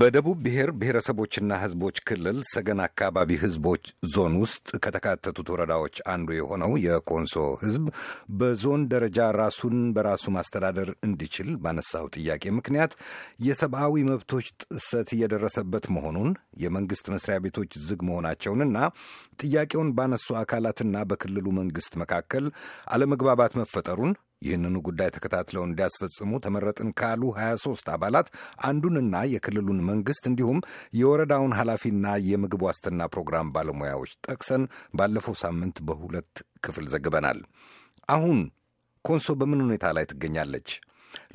በደቡብ ብሔር ብሔረሰቦችና ሕዝቦች ክልል ሰገን አካባቢ ሕዝቦች ዞን ውስጥ ከተካተቱት ወረዳዎች አንዱ የሆነው የኮንሶ ሕዝብ በዞን ደረጃ ራሱን በራሱ ማስተዳደር እንዲችል ባነሳው ጥያቄ ምክንያት የሰብአዊ መብቶች ጥሰት እየደረሰበት መሆኑን የመንግስት መስሪያ ቤቶች ዝግ መሆናቸውንና ጥያቄውን ባነሱ አካላትና በክልሉ መንግስት መካከል አለመግባባት መፈጠሩን ይህንኑ ጉዳይ ተከታትለው እንዲያስፈጽሙ ተመረጥን ካሉ 23 አባላት አንዱንና የክልሉን መንግስት እንዲሁም የወረዳውን ኃላፊና የምግብ ዋስትና ፕሮግራም ባለሙያዎች ጠቅሰን ባለፈው ሳምንት በሁለት ክፍል ዘግበናል። አሁን ኮንሶ በምን ሁኔታ ላይ ትገኛለች?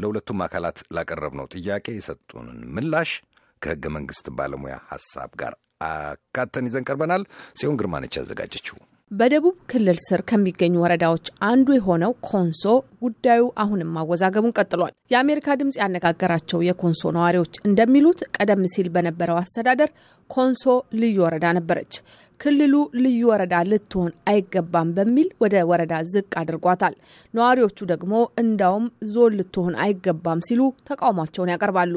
ለሁለቱም አካላት ላቀረብነው ጥያቄ የሰጡንን ምላሽ ከህገ መንግስት ባለሙያ ሐሳብ ጋር አካተን ይዘን ቀርበናል። ጽዮን ግርማ ነች ያዘጋጀችው። በደቡብ ክልል ስር ከሚገኙ ወረዳዎች አንዱ የሆነው ኮንሶ ጉዳዩ አሁንም ማወዛገቡን ቀጥሏል። የአሜሪካ ድምፅ ያነጋገራቸው የኮንሶ ነዋሪዎች እንደሚሉት ቀደም ሲል በነበረው አስተዳደር ኮንሶ ልዩ ወረዳ ነበረች። ክልሉ ልዩ ወረዳ ልትሆን አይገባም በሚል ወደ ወረዳ ዝቅ አድርጓታል። ነዋሪዎቹ ደግሞ እንዳውም ዞን ልትሆን አይገባም ሲሉ ተቃውሟቸውን ያቀርባሉ።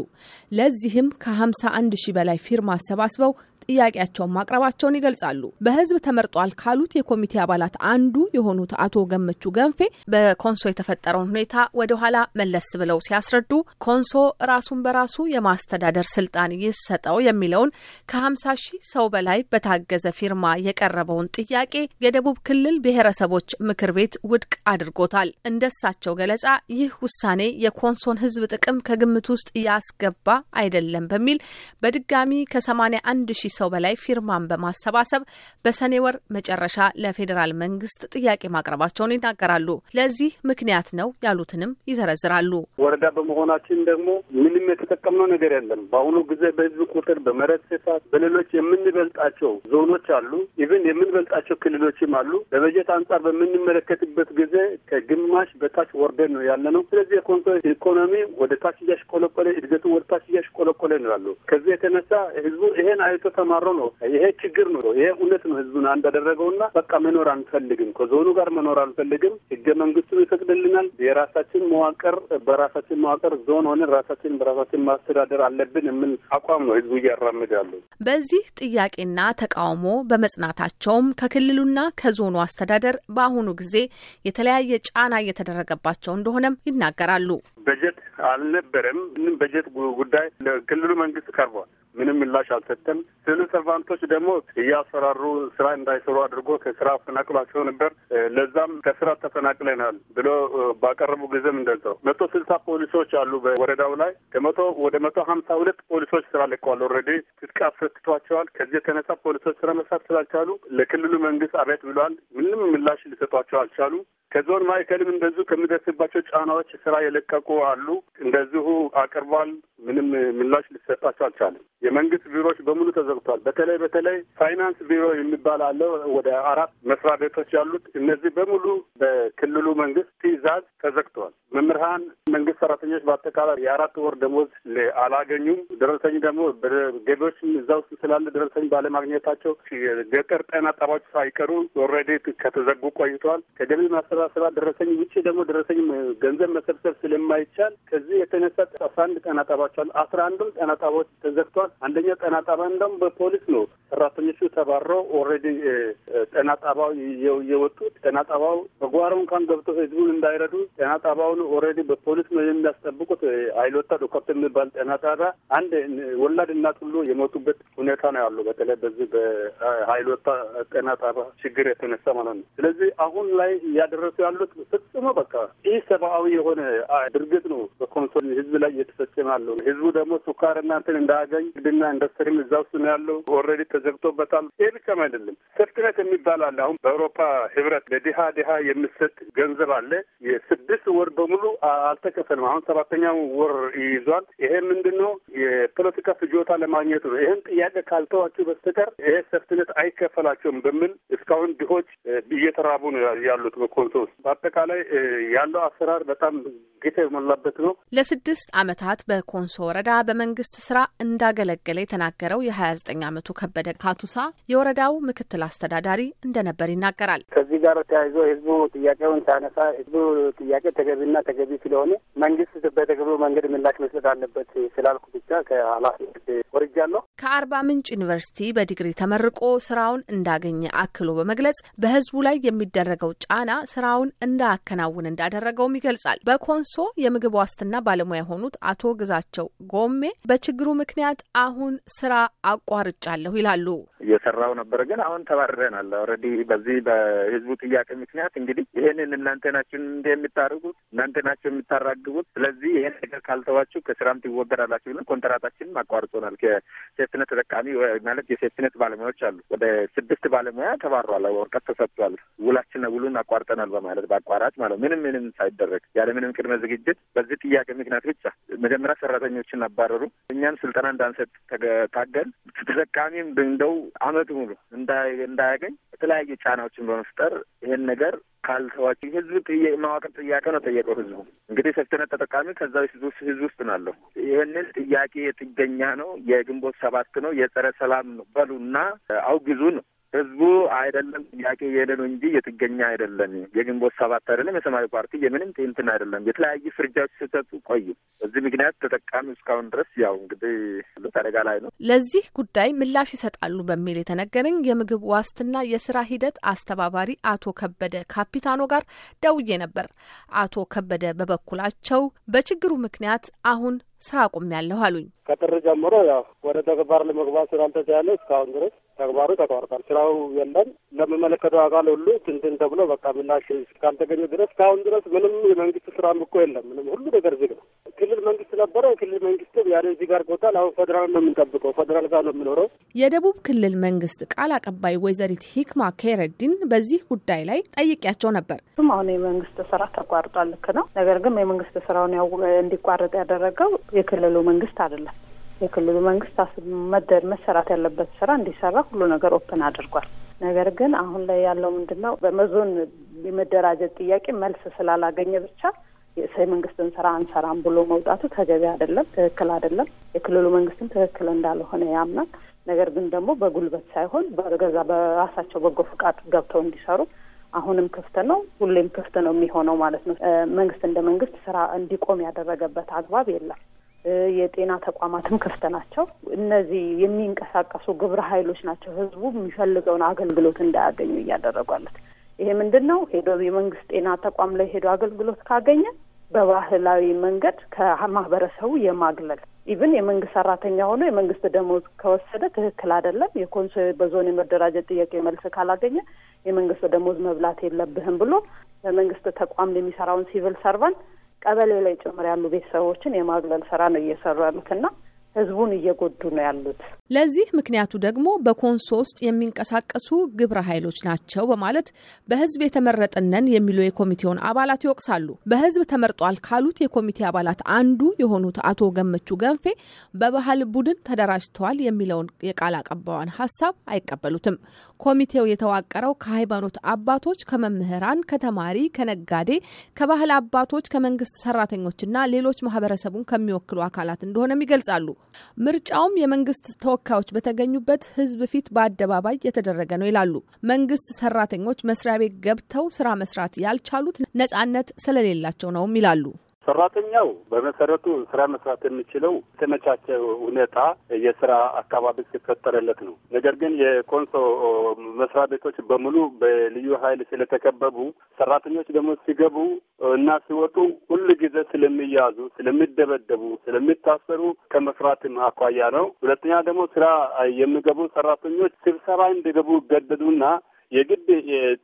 ለዚህም ከ51 ሺ በላይ ፊርማ አሰባስበው ጥያቄያቸውን ማቅረባቸውን ይገልጻሉ። በህዝብ ተመርጧል ካሉት የኮሚቴ አባላት አንዱ የሆኑት አቶ ገመቹ ገንፌ በኮንሶ የተፈጠረውን ሁኔታ ወደኋላ መለስ ብለው ሲያስረዱ ኮንሶ ራሱን በራሱ የማስተዳደር ስልጣን ይሰጠው የሚለውን ከ50 ሺህ ሰው በላይ በታገዘ ፊርማ ይርማ የቀረበውን ጥያቄ የደቡብ ክልል ብሔረሰቦች ምክር ቤት ውድቅ አድርጎታል። እንደሳቸው ገለጻ ይህ ውሳኔ የኮንሶን ሕዝብ ጥቅም ከግምት ውስጥ ያስገባ አይደለም በሚል በድጋሚ ከ81 ሺህ ሰው በላይ ፊርማን በማሰባሰብ በሰኔ ወር መጨረሻ ለፌዴራል መንግስት ጥያቄ ማቅረባቸውን ይናገራሉ። ለዚህ ምክንያት ነው ያሉትንም ይዘረዝራሉ። ወረዳ በመሆናችን ደግሞ ምንም የተጠቀምነው ነገር የለም። በአሁኑ ጊዜ በህዝብ ቁጥር፣ በመሬት ስፋት፣ በሌሎች የምንበልጣቸው ዞኖች አሉ። ኢቨን የምንበልጣቸው ክልሎችም አሉ። በበጀት አንጻር በምንመለከትበት ጊዜ ከግማሽ በታች ወርደን ነው ያለ ነው። ስለዚህ የኮንሶ ኢኮኖሚ ወደ ታች እያሽቆለቆለ፣ እድገቱ ወደ ታች እያሽቆለቆለ ነው ያሉ። ከዚህ የተነሳ ህዝቡ ይሄን አይቶ ተማሮ ነው ይሄ ችግር ነው ይሄ እውነት ነው ህዝቡን አንድ ያደረገውና በቃ መኖር አንፈልግም፣ ከዞኑ ጋር መኖር አንፈልግም። ህገ መንግስቱ ይፈቅድልናል። የራሳችን መዋቅር በራሳችን መዋቅር ዞን ሆነን ራሳችን በራሳችን ማስተዳደር አለብን የሚል አቋም ነው ህዝቡ እያራምዳሉ። በዚህ ጥያቄና ተቃውሞ በመጽናታቸውም ከክልሉና ከዞኑ አስተዳደር በአሁኑ ጊዜ የተለያየ ጫና እየተደረገባቸው እንደሆነም ይናገራሉ። በጀት አልነበረም። ምንም በጀት ጉዳይ ለክልሉ መንግስት ቀርቧል። ምንም ምላሽ አልሰጠም። ስለ ሰርቫንቶች ደግሞ እያሰራሩ ስራ እንዳይሰሩ አድርጎ ከስራ አፈናቅሏቸው ነበር። ለዛም ከስራ ተፈናቅለናል ብሎ ባቀረቡ ጊዜም እንደዛው መቶ ስልሳ ፖሊሶች አሉ በወረዳው ላይ ከመቶ ወደ መቶ ሀምሳ ሁለት ፖሊሶች ስራ ለቀዋል። ኦልሬዲ ትጥቅ አስፈትቷቸዋል። ከዚህ የተነሳ ፖሊሶች ስራ መስራት ስላልቻሉ ለክልሉ መንግስት አቤት ብሏል። ምንም ምላሽ ሊሰጧቸው አልቻሉ። ከዞን ማዕከልም እንደዚሁ ከሚደርስባቸው ጫናዎች ስራ የለቀቁ አሉ። እንደዚሁ አቅርቧል። ምንም ምላሽ ሊሰጣቸው አልቻለም። የመንግስት ቢሮዎች በሙሉ ተዘግቷል። በተለይ በተለይ ፋይናንስ ቢሮ የሚባል አለ ወደ አራት መስሪያ ቤቶች ያሉት እነዚህ በሙሉ በክልሉ መንግስት ትዕዛዝ ተዘግተዋል። መምህራን፣ መንግስት ሰራተኞች በአጠቃላይ የአራት ወር ደሞዝ አላገኙም። ደረሰኝ ደግሞ ገቢዎችም እዛ ውስጥ ስላለ ደረሰኝ ባለማግኘታቸው የገጠር ጤና ጣቢያዎች ሳይቀሩ ኦልሬዲ ከተዘጉ ቆይተዋል። ከገቢ ማሰባሰባ ደረሰኝ ውጭ ደግሞ ደረሰኝ ገንዘብ መሰብሰብ ስለማይ ባይቻል ከዚህ የተነሳ አስራ አንድ ጤና ጣቢያዎች አሉ። አስራ አንዱም ጤና ጣቢያዎች ተዘግተዋል። አንደኛው ጤና ጣቢያ እንደውም በፖሊስ ነው ሰራተኞቹ ተባረው ኦልሬዲ ጤና ጣቢያው እየወጡ ጤና ጣቢያው በጓሮ እንኳን ገብቶ ህዝቡን እንዳይረዱ ጤና ጣቢያውን ኦልሬዲ በፖሊስ ነው የሚያስጠብቁት። አይሎታ ዶኮርት የሚባል ጤና ጣቢያ አንድ ወላድ እናት ሁሉ የሞቱበት ሁኔታ ነው ያለው። በተለይ በዚህ በሀይሎታ ጤና ጣቢያ ችግር የተነሳ ማለት ነው። ስለዚህ አሁን ላይ እያደረሱ ያሉት ፍጽሞ በቃ ይህ ሰብአዊ የሆነ እርግጥ ነው በኮንሶ ህዝብ ላይ እየተፈጸመ ያለው ነው። ህዝቡ ደግሞ ሱካር እናንትን እንዳያገኝ ግድና ኢንዱስትሪም እዛ ውስጥ ነው ያለው። ኦልሬዲ ተዘግቶበታል። ይህ ብቻም አይደለም። ሴፍትኔት የሚባል አለ። አሁን በአውሮፓ ህብረት ለድሃ ድሃ የሚሰጥ ገንዘብ አለ። የስድስት ወር በሙሉ አልተከፈልም። አሁን ሰባተኛው ወር ይይዟል። ይሄ ምንድን ነው? የፖለቲካ ፍጆታ ለማግኘት ነው። ይህን ጥያቄ ካልተዋችሁ በስተቀር ይሄ ሴፍትኔት አይከፈላቸውም በሚል እስካሁን ድሆች እየተራቡ ነው ያሉት በኮንሶ ውስጥ። በአጠቃላይ ያለው አሰራር በጣም ጌታ የተሞላበት ነው። ለስድስት ዓመታት በኮንሶ ወረዳ በመንግስት ስራ እንዳገለገለ የተናገረው የሀያ ዘጠኝ ዓመቱ ከበደ ካቱሳ የወረዳው ምክትል አስተዳዳሪ እንደነበር ይናገራል። ከዚህ ጋር ተያይዞ ህዝቡ ጥያቄውን ሲያነሳ ህዝቡ ጥያቄ ተገቢና ተገቢ ስለሆነ መንግስት በተገቢው መንገድ ምላሽ መስጠት አለበት ስላልኩ ብቻ ከኃላፊነት ወርጃለሁ። ከአርባ ምንጭ ዩኒቨርሲቲ በዲግሪ ተመርቆ ስራውን እንዳገኘ አክሎ በመግለጽ በህዝቡ ላይ የሚደረገው ጫና ስራውን እንዳያከናውን እንዳደረገውም ይገልጻል። በኮንሶ የምግብ ዋስትና ባለሙያ የሆኑት አቶ ግዛቸው ጎሜ በችግሩ ምክንያት አሁን ስራ አቋርጫለሁ ይላሉ። እየሰራው ነበረ፣ ግን አሁን ተባረናል። ኦልሬዲ በዚህ በህዝቡ ጥያቄ ምክንያት እንግዲህ ይህንን እናንተ ናችሁ እንደ የምታደርጉት እናንተ ናችሁ የምታራግቡት፣ ስለዚህ ይህን ነገር ካልተዋችሁ ከስራም ትወገዳላችሁ ብለን ኮንትራታችንም አቋርጦናል። ከሴፍትነት ተጠቃሚ ማለት የሴፍትነት ባለሙያዎች አሉ ወደ ስድስት ባለሙያ ተባሯል። ወረቀት ተሰጥቷል። ውላችን ውሉን አቋርጠናል በማለት በአቋራጭ ማለት ምንም ምንም ሳይደረግ ያለ ምንም ቅድመ ዝግጅት በዚህ ጥያቄ ምክንያት ብቻ መጀመሪያ ሰራተኞችን አባረሩ። እኛን ስልጠና እንዳንሰጥ ታገል። ተጠቃሚም እንደው አመት ሙሉ እንዳያገኝ የተለያዩ ጫናዎችን በመፍጠር ይሄን ነገር ካልተዋቸው ህዝብ ማዋቅር ጥያቄ ነው ጠየቀው። ህዝቡ እንግዲህ ሴፍትነት ተጠቃሚ ከዛ ህዝብ ውስጥ ናለሁ። ይህንን ጥያቄ የጥገኛ ነው፣ የግንቦት ሰባት ነው፣ የጸረ ሰላም ነው በሉና አውግዙ ነው ህዝቡ አይደለም ጥያቄ እየሄደ ነው እንጂ የትገኛ አይደለም። የግንቦት ሰባት አይደለም የሰማያዊ ፓርቲ የምንም እንትን አይደለም። የተለያዩ ፍርጃዎች ሲሰጡ ቆዩ። በዚህ ምክንያት ተጠቃሚ እስካሁን ድረስ ያው እንግዲህ አደጋ ላይ ነው። ለዚህ ጉዳይ ምላሽ ይሰጣሉ በሚል የተነገረኝ የምግብ ዋስትና የስራ ሂደት አስተባባሪ አቶ ከበደ ካፒታኖ ጋር ደውዬ ነበር። አቶ ከበደ በበኩላቸው በችግሩ ምክንያት አሁን ስራ አቁሜያለሁ አሉኝ። ከጥር ጀምሮ ያው ወደ ተግባር ለመግባት ስላልተቻለ እስካሁን ድረስ ተግባሩ ተቋርጧል። ስራው የለም። ለሚመለከተው አካል ሁሉ ትንትን ተብሎ በቃ ምላሽ እስካልተገኘ ድረስ ከአሁን ድረስ ምንም የመንግስት ስራም እኮ የለም። ምንም ሁሉ ነገር ዝግ ነው። ክልል መንግስት ነበረው። ክልል መንግስት ያኔ እዚህ ጋር ቦታል። አሁን ፌዴራል ነው የምንጠብቀው። ፌዴራል ጋር ነው የምኖረው። የደቡብ ክልል መንግስት ቃል አቀባይ ወይዘሪት ሂክማ ኬረዲን በዚህ ጉዳይ ላይ ጠይቄያቸው ነበር። አሁን የመንግስት ስራ ተቋርጧል፣ ልክ ነው። ነገር ግን የመንግስት ስራውን እንዲቋረጥ ያደረገው የክልሉ መንግስት አይደለም የክልሉ መንግስት መደር መሰራት ያለበት ስራ እንዲሰራ ሁሉ ነገር ኦፕን አድርጓል። ነገር ግን አሁን ላይ ያለው ምንድን ነው? በመዞን የመደራጀት ጥያቄ መልስ ስላላገኘ ብቻ የመንግስትን ስራ አንሰራም ብሎ መውጣቱ ተገቢ አይደለም፣ ትክክል አይደለም። የክልሉ መንግስትም ትክክል እንዳልሆነ ያምናል። ነገር ግን ደግሞ በጉልበት ሳይሆን በገዛ በራሳቸው በጎ ፍቃድ ገብተው እንዲሰሩ አሁንም ክፍት ነው፣ ሁሌም ክፍት ነው የሚሆነው ማለት ነው። መንግስት እንደ መንግስት ስራ እንዲቆም ያደረገበት አግባብ የለም። የጤና ተቋማትም ክፍት ናቸው። እነዚህ የሚንቀሳቀሱ ግብረ ኃይሎች ናቸው ህዝቡ የሚፈልገውን አገልግሎት እንዳያገኙ እያደረጓለት። ይሄ ምንድን ነው? ሄዶ የመንግስት ጤና ተቋም ላይ ሄዶ አገልግሎት ካገኘ በባህላዊ መንገድ ከማህበረሰቡ የማግለል ኢቭን የመንግስት ሰራተኛ ሆኖ የመንግስት ደሞዝ ከወሰደ ትክክል አይደለም። የኮንሶ በዞን የመደራጀት ጥያቄ መልስ ካላገኘ የመንግስት ደሞዝ መብላት የለብህም ብሎ በመንግስት ተቋም የሚሰራውን ሲቪል ሰርቫንት ቀበሌ ላይ ጭምር ያሉ ቤተሰቦችን የማግለል ስራ ነው እየሰሩ ያሉትና ህዝቡን እየጎዱ ነው ያሉት። ለዚህ ምክንያቱ ደግሞ በኮንሶ ውስጥ የሚንቀሳቀሱ ግብረ ኃይሎች ናቸው በማለት በህዝብ የተመረጥነን የሚለው የኮሚቴውን አባላት ይወቅሳሉ። በህዝብ ተመርጧል ካሉት የኮሚቴ አባላት አንዱ የሆኑት አቶ ገመቹ ገንፌ በባህል ቡድን ተደራጅተዋል የሚለውን የቃል አቀባዋን ሀሳብ አይቀበሉትም። ኮሚቴው የተዋቀረው ከሃይማኖት አባቶች፣ ከመምህራን፣ ከተማሪ፣ ከነጋዴ፣ ከባህል አባቶች፣ ከመንግስት ሰራተኞችና ሌሎች ማህበረሰቡን ከሚወክሉ አካላት እንደሆነም ይገልጻሉ። ምርጫውም የመንግስት ተወካዮች በተገኙበት ህዝብ ፊት በአደባባይ የተደረገ ነው ይላሉ። መንግስት ሰራተኞች መስሪያ ቤት ገብተው ስራ መስራት ያልቻሉት ነጻነት ስለሌላቸው ነውም ይላሉ። ሰራተኛው በመሰረቱ ስራ መስራት የሚችለው የተመቻቸ ሁኔታ የስራ አካባቢ ሲፈጠረለት ነው። ነገር ግን የኮንሶ መስሪያ ቤቶች በሙሉ በልዩ ኃይል ስለተከበቡ ሰራተኞች ደግሞ ሲገቡ እና ሲወጡ ሁል ጊዜ ስለሚያዙ፣ ስለሚደበደቡ፣ ስለሚታሰሩ ከመስራትም አኳያ ነው። ሁለተኛ ደግሞ ስራ የሚገቡ ሰራተኞች ስብሰባ እንዲገቡ ይገደዱና የግድ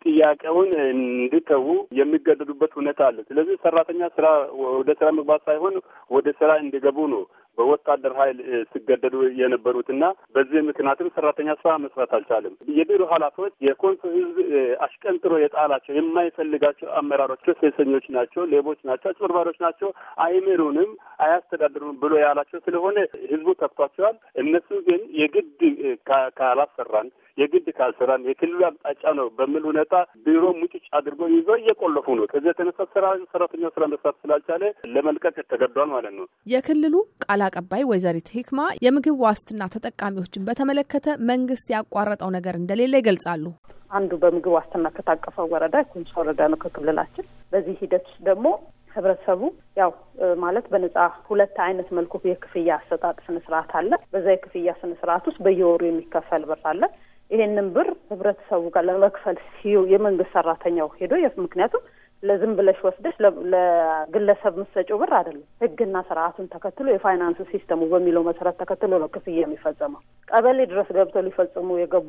ጥያቄውን እንዲተዉ የሚገደዱበት ሁኔታ አለ። ስለዚህ ሰራተኛ ስራ ወደ ስራ መግባት ሳይሆን ወደ ስራ እንዲገቡ ነው በወታደር ኃይል ሲገደዱ የነበሩትና በዚህ ምክንያትም ሰራተኛ ስራ መስራት አልቻለም። የቢሮ ኃላፊዎች የኮንሶ ህዝብ አሽቀንጥሮ የጣላቸው የማይፈልጋቸው አመራሮች ሴሰኞች ናቸው፣ ሌቦች ናቸው፣ አጭበርባሪዎች ናቸው፣ አይምሩንም፣ አያስተዳድሩንም ብሎ ያላቸው ስለሆነ ህዝቡ ተብቷቸዋል። እነሱ ግን የግድ ካላሰራን የግድ ካልሰራን የክልሉ አቅጣጫ ነው በሚል ሁኔታ ቢሮ ሙጭጭ አድርጎ ይዞ እየቆለፉ ነው። ከዚህ የተነሳ ሰራተኛው ስራ መስራት ስላልቻለ ለመልቀቅ ተገዷል ማለት ነው የክልሉ ቃላ አቀባይ ወይዘሪት ሂክማ የምግብ ዋስትና ተጠቃሚዎችን በተመለከተ መንግስት ያቋረጠው ነገር እንደሌለ ይገልጻሉ። አንዱ በምግብ ዋስትና ከታቀፈው ወረዳ ኮንሶ ወረዳ ነው ከክልላችን። በዚህ ሂደት ውስጥ ደግሞ ህብረተሰቡ ያው ማለት በነጻ ሁለት አይነት መልኩ የክፍያ አሰጣጥ ስነስርዓት አለ። በዛ የክፍያ ስነስርዓት ውስጥ በየወሩ የሚከፈል ብር አለ። ይሄንን ብር ህብረተሰቡ ጋር ለመክፈል ሲዩ የመንግስት ሰራተኛው ሄዶ ምክንያቱም ለዝም ብለሽ ወስደሽ ለግለሰብ ምሰጪው ብር አይደለም። ህግና ስርዓቱን ተከትሎ የፋይናንስ ሲስተሙ በሚለው መሰረት ተከትሎ ነው ክፍያ የሚፈጸመው። ቀበሌ ድረስ ገብተው ሊፈጽሙ የገቡ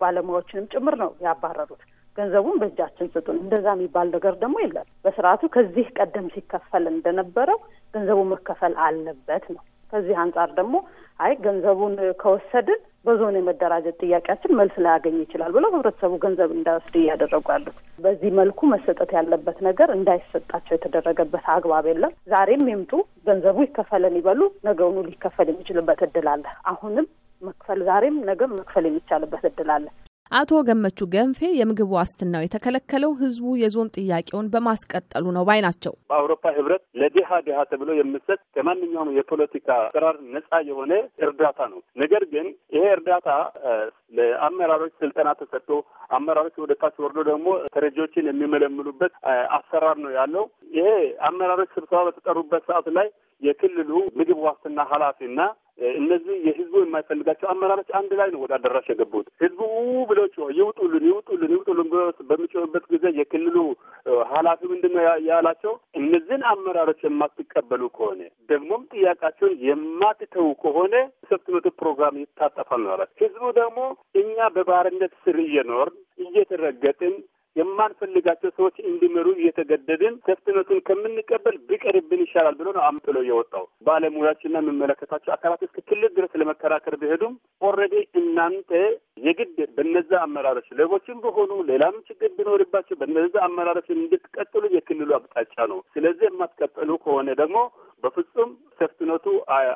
ባለሙያዎችንም ጭምር ነው ያባረሩት። ገንዘቡን በእጃችን ስጡን፣ እንደዛ የሚባል ነገር ደግሞ የለም። በስርዓቱ ከዚህ ቀደም ሲከፈል እንደነበረው ገንዘቡ መከፈል አለበት ነው። ከዚህ አንጻር ደግሞ አይ ገንዘቡን ከወሰድን በዞን የመደራጀት ጥያቄያችን መልስ ላያገኝ ይችላል ብለው ህብረተሰቡ ገንዘብ እንዳይወስድ እያደረጉ ያሉት በዚህ መልኩ መሰጠት ያለበት ነገር እንዳይሰጣቸው የተደረገበት አግባብ የለም። ዛሬም ይምጡ ገንዘቡ ይከፈለን ይበሉ፣ ነገውኑ ሊከፈል የሚችልበት እድል አለ። አሁንም መክፈል ዛሬም ነገም መክፈል የሚቻልበት እድል አለ። አቶ ገመቹ ገንፌ የምግብ ዋስትናው የተከለከለው ህዝቡ የዞን ጥያቄውን በማስቀጠሉ ነው ባይ ናቸው። በአውሮፓ ህብረት ለድሃ ድሃ ተብሎ የምሰጥ ከማንኛውም የፖለቲካ ቅራር ነጻ የሆነ እርዳታ ነው። ነገር ግን ይሄ እርዳታ ለአመራሮች ስልጠና ተሰጥቶ አመራሮች ወደ ታች ወርዶ ደግሞ ተረጂዎችን የሚመለምሉበት አሰራር ነው ያለው። ይሄ አመራሮች ስብሰባ በተጠሩበት ሰዓት ላይ የክልሉ ምግብ ዋስትና ኃላፊና እነዚህ የህዝቡ የማይፈልጋቸው አመራሮች አንድ ላይ ነው ወደ አዳራሽ የገቡት። ህዝቡ ብለው ጮ ይውጡልን፣ ይውጡልን፣ ይውጡልን ብሎ በሚጮህበት ጊዜ የክልሉ ኃላፊ ምንድነው ያላቸው? እነዚህን አመራሮች የማትቀበሉ ከሆነ ደግሞም ጥያቄያቸውን የማትተዉ ከሆነ ሰብት መቶ ፕሮግራም ይታጠፋል ነው ያላቸው። ህዝቡ ደግሞ እኛ በባርነት ስር እየኖርን እየተረገጥን የማንፈልጋቸው ሰዎች እንዲመሩ እየተገደድን ተፍትነቱን ከምንቀበል ቢቀርብን ይሻላል ብሎ ነው አምጥሎ የወጣው። ባለሙያዎችና የሚመለከታቸው አካላት እስከ ክልል ድረስ ለመከራከር ቢሄዱም ኦልሬዲ እናንተ የግድ በነዛ አመራሮች ሌቦችን በሆኑ ሌላም ችግር ቢኖርባቸው በነዛ አመራረስ እንድትቀጥሉ የክልሉ አቅጣጫ ነው። ስለዚህ የማትቀጥሉ ከሆነ ደግሞ በፍጹም ሰፍትነቱ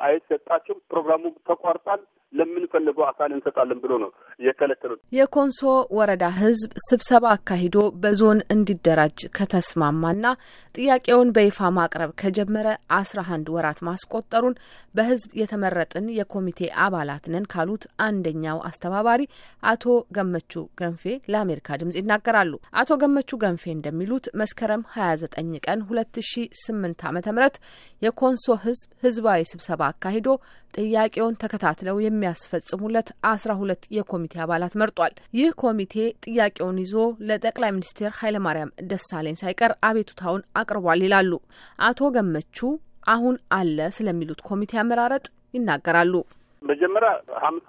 አይሰጣችሁም፣ ፕሮግራሙ ተቋርጧል፣ ለምንፈልገው አካል እንሰጣለን ብሎ ነው የከለከሉት። የኮንሶ ወረዳ ህዝብ ስብሰባ አካሂዶ በዞን እንዲደራጅ ከተስማማና ጥያቄውን በይፋ ማቅረብ ከጀመረ አስራ አንድ ወራት ማስቆጠሩን በህዝብ የተመረጥን የኮሚቴ አባላት ነን ካሉት አንደኛው አስተባባሪ አቶ ገመቹ ገንፌ ለአሜሪካ ድምጽ ይናገራሉ። አቶ ገመቹ ገንፌ እንደሚሉት መስከረም 29 ቀን 2008 ዓ ም የኮንሶ ህዝብ ህዝባዊ ስብሰባ አካሂዶ ጥያቄውን ተከታትለው የሚያስፈጽሙለት 12 የኮሚቴ አባላት መርጧል። ይህ ኮሚቴ ጥያቄውን ይዞ ለጠቅላይ ሚኒስትር ኃይለማርያም ደሳለኝ ሳይቀር አቤቱታውን አቅርቧል ይላሉ አቶ ገመቹ። አሁን አለ ስለሚሉት ኮሚቴ አመራረጥ ይናገራሉ። መጀመሪያ ሀምሳ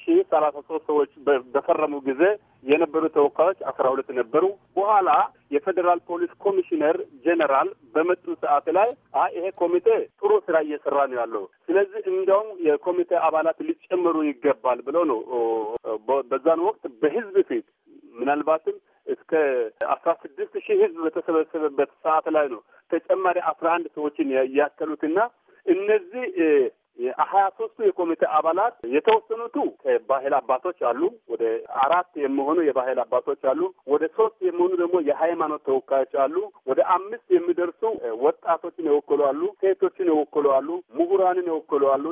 ሺ ሰላሳ ሶስት ሰዎች በፈረሙ ጊዜ የነበሩ ተወካዮች አስራ ሁለት ነበሩ። በኋላ የፌዴራል ፖሊስ ኮሚሽነር ጄኔራል በመጡ ሰዓት ላይ አይ ይሄ ኮሚቴ ጥሩ ስራ እየሰራ ነው ያለው፣ ስለዚህ እንዲያውም የኮሚቴ አባላት ሊጨምሩ ይገባል ብለው ነው በዛን ወቅት በህዝብ ፊት ምናልባትም እስከ አስራ ስድስት ሺህ ህዝብ በተሰበሰበበት ሰዓት ላይ ነው ተጨማሪ አስራ አንድ ሰዎችን ያከሉትና እነዚህ የሀያ ሶስቱ የኮሚቴ አባላት የተወሰኑቱ ከባህል አባቶች አሉ። ወደ አራት የሚሆኑ የባህል አባቶች አሉ። ወደ ሶስት የሚሆኑ ደግሞ የሃይማኖት ተወካዮች አሉ። ወደ አምስት የሚደርሱ ወጣቶችን የወክሉ አሉ። ሴቶችን የወክሉ አሉ። ምሁራንን የወክሉ አሉ።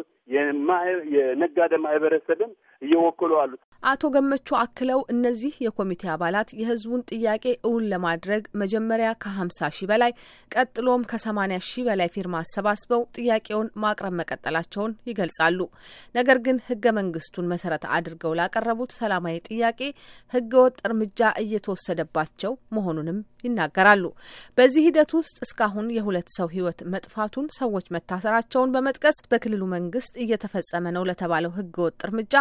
የነጋዴ ማህበረሰብን እየወክሉ አሉ። አቶ ገመቹ አክለው እነዚህ የኮሚቴ አባላት የህዝቡን ጥያቄ እውን ለማድረግ መጀመሪያ ከሀምሳ ሺህ በላይ ቀጥሎም ከሰማኒያ ሺህ በላይ ፊርማ አሰባስበው ጥያቄውን ማቅረብ መቀጠላቸው መሆናቸውን ይገልጻሉ። ነገር ግን ህገ መንግስቱን መሰረት አድርገው ላቀረቡት ሰላማዊ ጥያቄ ህገወጥ እርምጃ እየተወሰደባቸው መሆኑንም ይናገራሉ። በዚህ ሂደት ውስጥ እስካሁን የሁለት ሰው ህይወት መጥፋቱን፣ ሰዎች መታሰራቸውን በመጥቀስ በክልሉ መንግስት እየተፈጸመ ነው ለተባለው ህገወጥ እርምጃ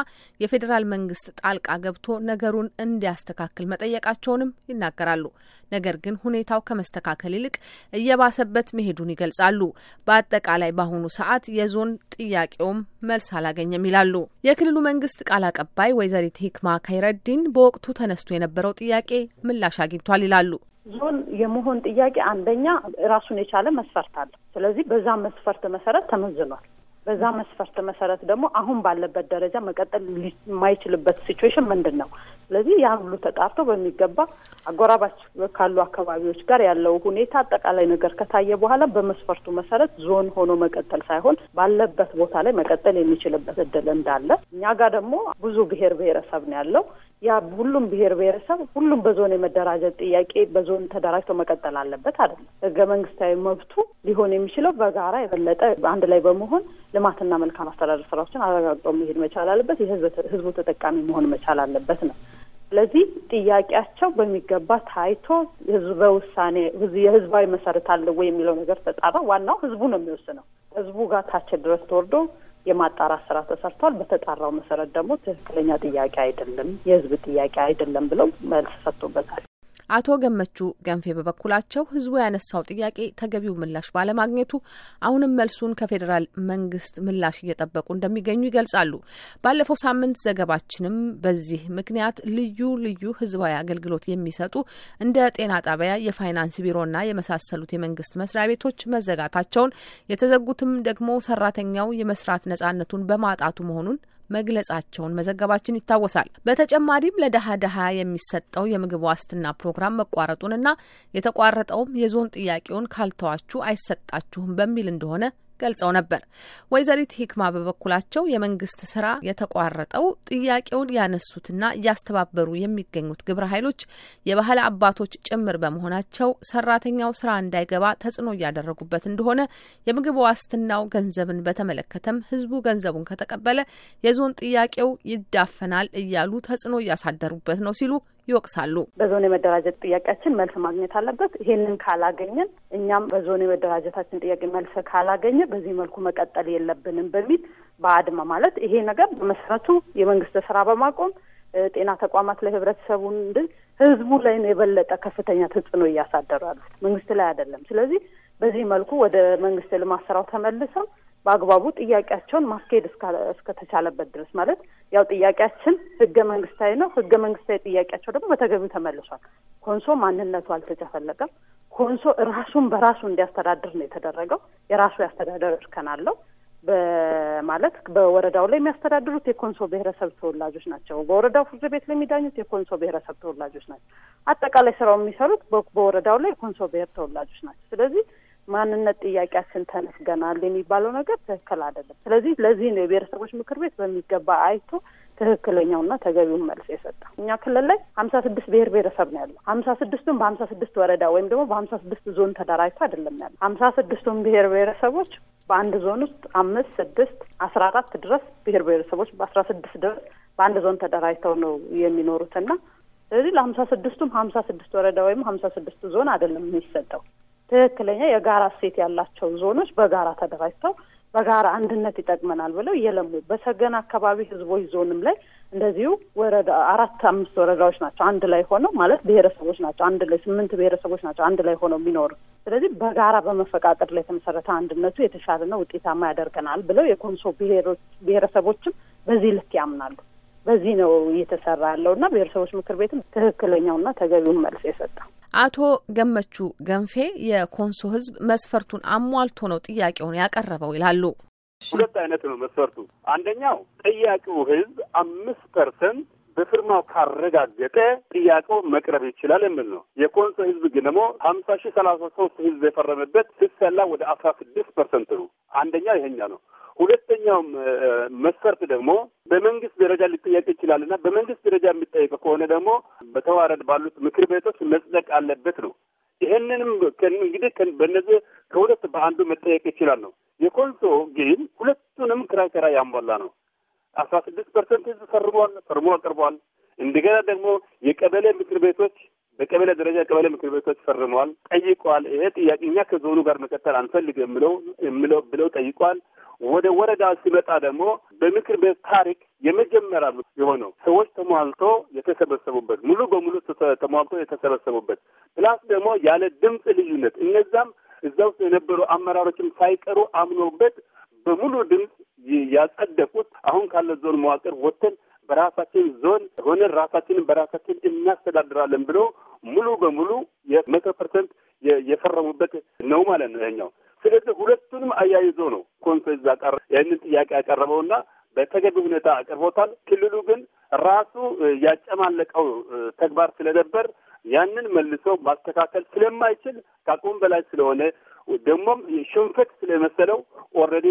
የፌዴራል መንግስት ጣልቃ ገብቶ ነገሩን እንዲያስተካክል መጠየቃቸውንም ይናገራሉ። ነገር ግን ሁኔታው ከመስተካከል ይልቅ እየባሰበት መሄዱን ይገልጻሉ። በአጠቃላይ በአሁኑ ሰዓት የዞን ጥያቄውም መልስ አላገኘም ይላሉ። የክልሉ መንግስት ቃል አቀባይ ወይዘሪት ሂክማ ከይረዲን በወቅቱ ተነስቶ የነበረው ጥያቄ ምላሽ አግኝቷል ይላሉ። ዞን የመሆን ጥያቄ አንደኛ ራሱን የቻለ መስፈርት አለ። ስለዚህ በዛ መስፈርት መሰረት ተመዝኗል። በዛ መስፈርት መሰረት ደግሞ አሁን ባለበት ደረጃ መቀጠል የማይችልበት ሲትዌሽን ምንድን ነው? ስለዚህ ያ ሁሉ ተጣርቶ በሚገባ አጎራባች ካሉ አካባቢዎች ጋር ያለው ሁኔታ አጠቃላይ ነገር ከታየ በኋላ በመስፈርቱ መሰረት ዞን ሆኖ መቀጠል ሳይሆን ባለበት ቦታ ላይ መቀጠል የሚችልበት እድል እንዳለ እኛ ጋር ደግሞ ብዙ ብሔር ብሔረሰብ ነው ያለው። ያ ሁሉም ብሔር ብሔረሰብ ሁሉም በዞን የመደራጀት ጥያቄ በዞን ተደራጅቶ መቀጠል አለበት አይደለም። ህገ መንግስታዊ መብቱ ሊሆን የሚችለው በጋራ የበለጠ አንድ ላይ በመሆን ልማትና መልካም አስተዳደር ስራዎችን አረጋግጦ መሄድ መቻል አለበት። የህዝቡ ተጠቃሚ መሆን መቻል አለበት ነው። ስለዚህ ጥያቄያቸው በሚገባ ታይቶ ህዝበ ውሳኔ የህዝባዊ መሰረት አለው የሚለው ነገር ተጣራ። ዋናው ህዝቡ ነው የሚወስነው። ህዝቡ ጋር ታች ድረስ ተወርዶ የማጣራት ስራ ተሰርቷል። በተጣራው መሰረት ደግሞ ትክክለኛ ጥያቄ አይደለም፣ የህዝብ ጥያቄ አይደለም ብለው መልስ ሰጥቶበታል። አቶ ገመቹ ገንፌ በበኩላቸው ህዝቡ ያነሳው ጥያቄ ተገቢው ምላሽ ባለማግኘቱ አሁንም መልሱን ከፌዴራል መንግስት ምላሽ እየጠበቁ እንደሚገኙ ይገልጻሉ። ባለፈው ሳምንት ዘገባችንም በዚህ ምክንያት ልዩ ልዩ ህዝባዊ አገልግሎት የሚሰጡ እንደ ጤና ጣቢያ፣ የፋይናንስ ቢሮና የመሳሰሉት የመንግስት መስሪያ ቤቶች መዘጋታቸውን የተዘጉትም ደግሞ ሰራተኛው የመስራት ነጻነቱን በማጣቱ መሆኑን መግለጻቸውን መዘገባችን ይታወሳል። በተጨማሪም ለደሀ ደሀ የሚሰጠው የምግብ ዋስትና ፕሮግራም መቋረጡንና የተቋረጠውም የዞን ጥያቄውን ካልተዋችሁ አይሰጣችሁም በሚል እንደሆነ ገልጸው ነበር። ወይዘሪት ሂክማ በበኩላቸው የመንግስት ስራ የተቋረጠው ጥያቄውን ያነሱትና እያስተባበሩ የሚገኙት ግብረ ኃይሎች የባህል አባቶች ጭምር በመሆናቸው ሰራተኛው ስራ እንዳይገባ ተጽዕኖ እያደረጉበት እንደሆነ፣ የምግብ ዋስትናው ገንዘብን በተመለከተም ህዝቡ ገንዘቡን ከተቀበለ የዞን ጥያቄው ይዳፈናል እያሉ ተጽዕኖ እያሳደሩበት ነው ሲሉ ይወቅሳሉ። በዞን የመደራጀት ጥያቄያችን መልስ ማግኘት አለበት። ይሄንን ካላገኘን እኛም በዞን የመደራጀታችን ጥያቄ መልስ ካላገኘ በዚህ መልኩ መቀጠል የለብንም በሚል በአድማ ማለት ይሄ ነገር በመሰረቱ የመንግስት ስራ በማቆም ጤና ተቋማት ላይ ህብረተሰቡን ህዝቡ ላይ ነው የበለጠ ከፍተኛ ተጽዕኖ እያሳደሩ ያሉት መንግስት ላይ አይደለም። ስለዚህ በዚህ መልኩ ወደ መንግስት ልማት ስራው ተመልሰው በአግባቡ ጥያቄያቸውን ማስካሄድ እስከተቻለበት ድረስ ማለት ያው ጥያቄያችን ህገ መንግስታዊ ነው። ህገ መንግስታዊ ጥያቄያቸው ደግሞ በተገቢው ተመልሷል። ኮንሶ ማንነቱ አልተጨፈለቀም። ኮንሶ ራሱን በራሱ እንዲያስተዳድር ነው የተደረገው። የራሱ የአስተዳደር እርከን አለው። በማለት በወረዳው ላይ የሚያስተዳድሩት የኮንሶ ብሔረሰብ ተወላጆች ናቸው። በወረዳው ፍርድ ቤት ላይ የሚዳኙት የኮንሶ ብሔረሰብ ተወላጆች ናቸው። አጠቃላይ ስራው የሚሰሩት በወረዳው ላይ የኮንሶ ብሔር ተወላጆች ናቸው። ስለዚህ ማንነት ጥያቄያችን ተነስገናል የሚባለው ነገር ትክክል አይደለም። ስለዚህ ለዚህ ነው የብሔረሰቦች ምክር ቤት በሚገባ አይቶ ትክክለኛውና ተገቢውን መልስ የሰጠው። እኛ ክልል ላይ ሀምሳ ስድስት ብሔር ብሔረሰብ ነው ያለው። ሀምሳ ስድስቱን በሀምሳ ስድስት ወረዳ ወይም ደግሞ በሀምሳ ስድስት ዞን ተደራጅቶ አይደለም ያለው። ሀምሳ ስድስቱን ብሔር ብሔረሰቦች በአንድ ዞን ውስጥ አምስት ስድስት አስራ አራት ድረስ ብሔር ብሔረሰቦች በአስራ ስድስት ድረስ በአንድ ዞን ተደራጅተው ነው የሚኖሩትና ስለዚህ ለሀምሳ ስድስቱም ሀምሳ ስድስት ወረዳ ወይም ሀምሳ ስድስት ዞን አይደለም የሚሰጠው ትክክለኛ የጋራ እሴት ያላቸው ዞኖች በጋራ ተደራጅተው በጋራ አንድነት ይጠቅመናል ብለው የለሙ በሰገን አካባቢ ህዝቦች ዞንም ላይ እንደዚሁ ወረዳ አራት አምስት ወረዳዎች ናቸው አንድ ላይ ሆነው ማለት ብሔረሰቦች ናቸው አንድ ላይ ስምንት ብሔረሰቦች ናቸው አንድ ላይ ሆነው የሚኖሩ ስለዚህ በጋራ በመፈቃቀድ ላይ የተመሰረተ አንድነቱ የተሻለና ውጤታማ ያደርገናል ብለው የኮንሶ ብሔረሰቦችም በዚህ ልክ ያምናሉ። በዚህ ነው እየተሰራ እና ብሔረሰቦች ምክር ቤትም ትክክለኛውና ተገቢውን መልስ የሰጠው። አቶ ገመቹ ገንፌ የኮንሶ ህዝብ መስፈርቱን አሟልቶ ነው ጥያቄውን ያቀረበው ይላሉ። ሁለት አይነት ነው መስፈርቱ። አንደኛው ጥያቄው ህዝብ አምስት ፐርሰንት በፍርማው ካረጋገጠ ጥያቄው መቅረብ ይችላል የሚል ነው። የኮንሶ ህዝብ ግን ደግሞ ሀምሳ ሺህ ሰላሳ ሶስት ህዝብ የፈረመበት ስሰላ ወደ አስራ ስድስት ፐርሰንት ነው። አንደኛው ይሄኛ ነው። ሁለተኛው መስፈርት ደግሞ በመንግስት ደረጃ ሊጠየቅ ይችላል እና በመንግስት ደረጃ የሚጠየቅ ከሆነ ደግሞ በተዋረድ ባሉት ምክር ቤቶች መጽደቅ አለበት ነው። ይህንንም እንግዲህ በነዚህ ከሁለት በአንዱ መጠየቅ ይችላል ነው። የኮንሶ ግን ሁለቱንም ክራይ ከራይ ያሟላ ነው። አስራ ስድስት ፐርሰንት ህዝብ ፈርሟል ፈርሞ አቅርቧል። እንደገና ደግሞ የቀበሌ ምክር ቤቶች በቀበሌ ደረጃ የቀበሌ ምክር ቤቶች ፈርመዋል ጠይቋል። ይሄ ጥያቄ እኛ ከዞኑ ጋር መቀጠል አንፈልግ የምለው ብለው ጠይቋል። ወደ ወረዳ ሲመጣ ደግሞ በምክር ቤት ታሪክ የመጀመሪያ የሆነው ሰዎች ተሟልቶ የተሰበሰቡበት ሙሉ በሙሉ ተሟልቶ የተሰበሰቡበት ፕላስ ደግሞ ያለ ድምፅ ልዩነት እነዛም እዛ ውስጥ የነበሩ አመራሮችም ሳይቀሩ አምኖበት በሙሉ ድምፅ ያጸደቁት አሁን ካለ ዞን መዋቅር ወጥተን በራሳችን ዞን ሆነ ራሳችንን በራሳችን እናስተዳድራለን ብሎ ሙሉ በሙሉ የመቶ ፐርሰንት የፈረሙበት ነው ማለት ነው ይሄኛው። ስለዚህ ሁለቱንም አያይዞ ነው ኮንሶ ያቀረ ቀረ ጥያቄ ያቀረበውና በተገቢ ሁኔታ አቅርቦታል። ክልሉ ግን ራሱ ያጨማለቀው ተግባር ስለነበር ያንን መልሶ ማስተካከል ስለማይችል ከአቅሙ በላይ ስለሆነ ደግሞም ሽንፈት ስለመሰለው ኦልሬዲ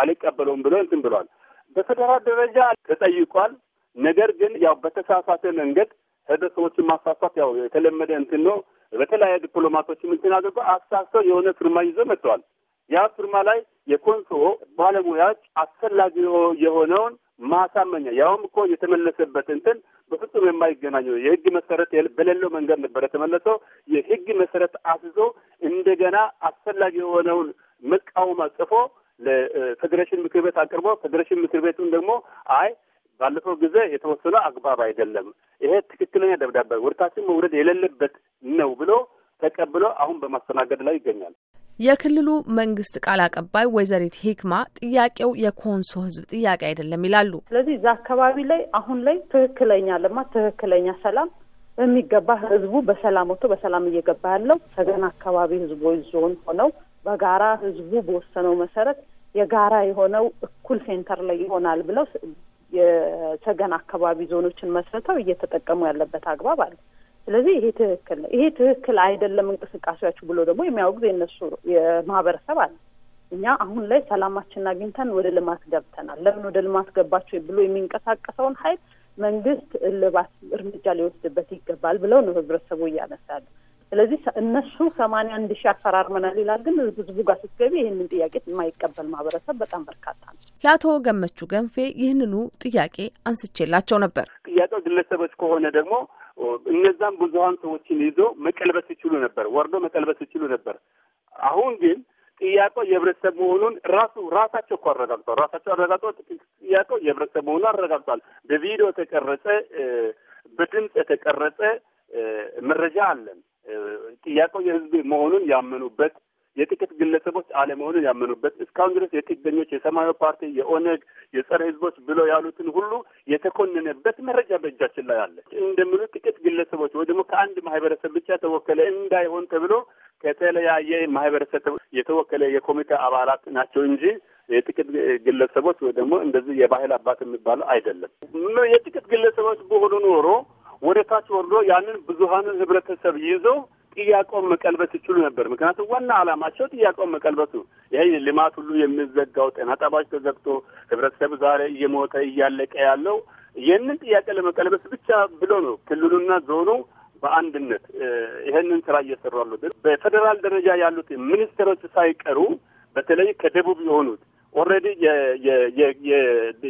አልቀበለውም ብሎ እንትን ብሏል። በፌዴራል ደረጃ ተጠይቋል። ነገር ግን ያው በተሳሳተ መንገድ ህብረተሰቦችን ማሳሳት ያው የተለመደ እንትን ነው። በተለያዩ ዲፕሎማቶች ምንትን አድርጎ አሳሰው የሆነ ፊርማ ይዞ መጥተዋል። ያ ፊርማ ላይ የኮንሶ ባለሙያዎች አስፈላጊ የሆነውን ማሳመኛ ያውም እኮ የተመለሰበት እንትን በፍጹም የማይገናኘው የህግ መሰረት በሌለው መንገድ ነበር የተመለሰው። የህግ መሰረት አስዞ እንደገና አስፈላጊ የሆነውን መቃወማ ጽፎ ለፌዴሬሽን ምክር ቤት አቅርቦ ፌዴሬሽን ምክር ቤቱን ደግሞ አይ ባለፈው ጊዜ የተወሰነ አግባብ አይደለም፣ ይሄ ትክክለኛ ደብዳቤ ውድታችን መውረድ የሌለበት ነው ብሎ ተቀብሎ አሁን በማስተናገድ ላይ ይገኛል። የክልሉ መንግስት ቃል አቀባይ ወይዘሪት ሂክማ ጥያቄው የኮንሶ ህዝብ ጥያቄ አይደለም ይላሉ። ስለዚህ እዛ አካባቢ ላይ አሁን ላይ ትክክለኛ ልማት፣ ትክክለኛ ሰላም የሚገባ ህዝቡ በሰላም ወጥቶ በሰላም እየገባ ያለው ሰገን አካባቢ ሕዝቦች ዞን ሆነው በጋራ ህዝቡ በወሰነው መሰረት የጋራ የሆነው እኩል ሴንተር ላይ ይሆናል ብለው የሰገን አካባቢ ዞኖችን መስርተው እየተጠቀሙ ያለበት አግባብ አለ። ስለዚህ ይሄ ትክክል ነው፣ ይሄ ትክክል አይደለም እንቅስቃሴያችሁ ብሎ ደግሞ የሚያወግዝ የነሱ የማህበረሰብ አለ። እኛ አሁን ላይ ሰላማችን አግኝተን ወደ ልማት ገብተናል፣ ለምን ወደ ልማት ገባችሁ ብሎ የሚንቀሳቀሰውን ኃይል መንግስት እልባት እርምጃ ሊወስድበት ይገባል ብለው ነው ህብረተሰቡ እያነሳለ። ስለዚህ እነሱ ሰማንያ አንድ ሺህ አፈራርመናል ይላል። ግን ህዝቡ ጋር ስትገቢ ይህንን ጥያቄ የማይቀበል ማህበረሰብ በጣም በርካታ ነው። ለአቶ ገመቹ ገንፌ ይህንኑ ጥያቄ አንስቼላቸው ነበር። ጥያቄው ግለሰቦች ከሆነ ደግሞ እነዛም ብዙሀን ሰዎችን ይዞ መቀልበስ ይችሉ ነበር፣ ወርዶ መቀልበስ ይችሉ ነበር። አሁን ግን ጥያቄው የህብረተሰብ መሆኑን ራሱ ራሳቸው እኮ አረጋግጧል። ራሳቸው አረጋግጧል። ጥያቄው የህብረተሰብ መሆኑ አረጋግጧል። በቪዲዮ የተቀረጸ በድምፅ የተቀረጸ መረጃ አለን። ጥያቄው የህዝብ መሆኑን ያመኑበት የጥቂት ግለሰቦች አለመሆኑን ያመኑበት እስካሁን ድረስ የጥገኞች የሰማያዊ ፓርቲ የኦነግ የጸረ ህዝቦች ብሎ ያሉትን ሁሉ የተኮነነበት መረጃ በእጃችን ላይ አለ። እንደምሉ ጥቂት ግለሰቦች ወይ ደግሞ ከአንድ ማህበረሰብ ብቻ ተወከለ እንዳይሆን ተብሎ ከተለያየ ማህበረሰብ የተወከለ የኮሚቴ አባላት ናቸው እንጂ የጥቂት ግለሰቦች ወይ ደግሞ እንደዚህ የባህል አባት የሚባለው አይደለም። የጥቂት ግለሰቦች በሆኑ ኖሮ ወደ ታች ወርዶ ያንን ብዙሀንን ህብረተሰብ ይዘው ጥያቄውን መቀልበስ ይችሉ ነበር። ምክንያቱም ዋና ዓላማቸው ጥያቄውን መቀልበሱ ይሄ ልማት ሁሉ የሚዘጋው ጤና ጣቢያዎች ተዘግቶ ህብረተሰብ ዛሬ እየሞተ እያለቀ ያለው ይህንን ጥያቄ ለመቀልበስ ብቻ ብሎ ነው ክልሉና ዞኑ በአንድነት ይህንን ስራ እየሰሩ አሉ። በፌዴራል ደረጃ ያሉት ሚኒስትሮች ሳይቀሩ በተለይ ከደቡብ የሆኑት ኦልሬዲ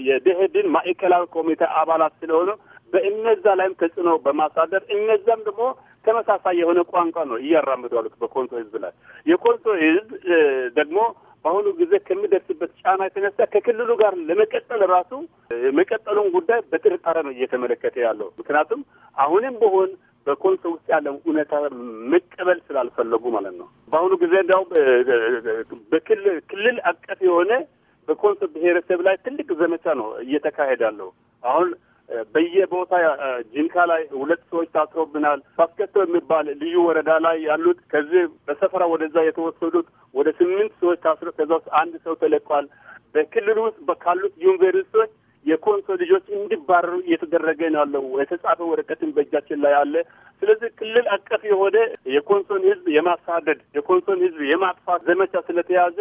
የደኢህዴን ማዕከላዊ ኮሚቴ አባላት ስለሆነ በእነዛ ላይም ተጽዕኖ በማሳደር እነዛም ደግሞ ተመሳሳይ የሆነ ቋንቋ ነው እያራምዱ ያሉት በኮንሶ ህዝብ ላይ። የኮንሶ ህዝብ ደግሞ በአሁኑ ጊዜ ከሚደርስበት ጫና የተነሳ ከክልሉ ጋር ለመቀጠል ራሱ የመቀጠሉን ጉዳይ በጥርጣሬ ነው እየተመለከተ ያለው። ምክንያቱም አሁንም በሆን በኮንሶ ውስጥ ያለ እውነታ መቀበል ስላልፈለጉ ማለት ነው። በአሁኑ ጊዜ እንዲያውም በክልል አቀፍ የሆነ በኮንሶ ብሔረሰብ ላይ ትልቅ ዘመቻ ነው እየተካሄዳለው አሁን በየቦታ ጂንካ ላይ ሁለት ሰዎች ታስሮብናል። ባስኬቶ የሚባል ልዩ ወረዳ ላይ ያሉት ከዚህ በሰፈራ ወደዛ የተወሰዱት ወደ ስምንት ሰዎች ታስሮ ከዛ ውስጥ አንድ ሰው ተለቋል። በክልል ውስጥ ካሉት ዩኒቨርሲቲዎች የኮንሶ ልጆች እንዲባረሩ እየተደረገ ነው ያለው። የተጻፈ ወረቀትን በእጃችን ላይ አለ። ስለዚህ ክልል አቀፍ የሆነ የኮንሶን ሕዝብ የማሳደድ የኮንሶን ሕዝብ የማጥፋት ዘመቻ ስለተያዘ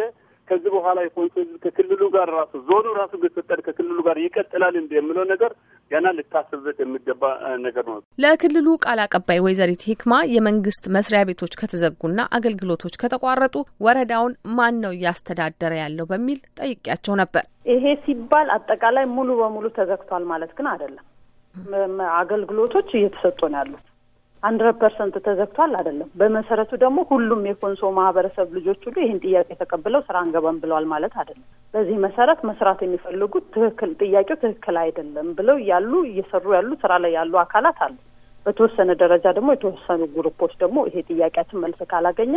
ከዚህ በኋላ የኮንሶ ህዝብ ከክልሉ ጋር ራሱ ዞኑ ራሱ ቢፈጠር ከክልሉ ጋር ይቀጥላል እንዲ የምለው ነገር ገና ልታስብበት የሚገባ ነገር ነው። ለክልሉ ቃል አቀባይ ወይዘሪት ሂክማ የመንግስት መስሪያ ቤቶች ከተዘጉና አገልግሎቶች ከተቋረጡ ወረዳውን ማን ነው እያስተዳደረ ያለው በሚል ጠይቄያቸው ነበር። ይሄ ሲባል አጠቃላይ ሙሉ በሙሉ ተዘግቷል ማለት ግን አይደለም። አገልግሎቶች እየተሰጡ ነው ያሉት። አንድረድ ፐርሰንት ተዘግቷል አይደለም። በመሰረቱ ደግሞ ሁሉም የኮንሶ ማህበረሰብ ልጆች ሁሉ ይህን ጥያቄ ተቀብለው ስራ አንገባም ብለዋል ማለት አይደለም። በዚህ መሰረት መስራት የሚፈልጉት ትክክል ጥያቄው ትክክል አይደለም ብለው ያሉ እየሰሩ ያሉ ስራ ላይ ያሉ አካላት አሉ። በተወሰነ ደረጃ ደግሞ የተወሰኑ ግሩፖች ደግሞ ይሄ ጥያቄያችን መልስ ካላገኘ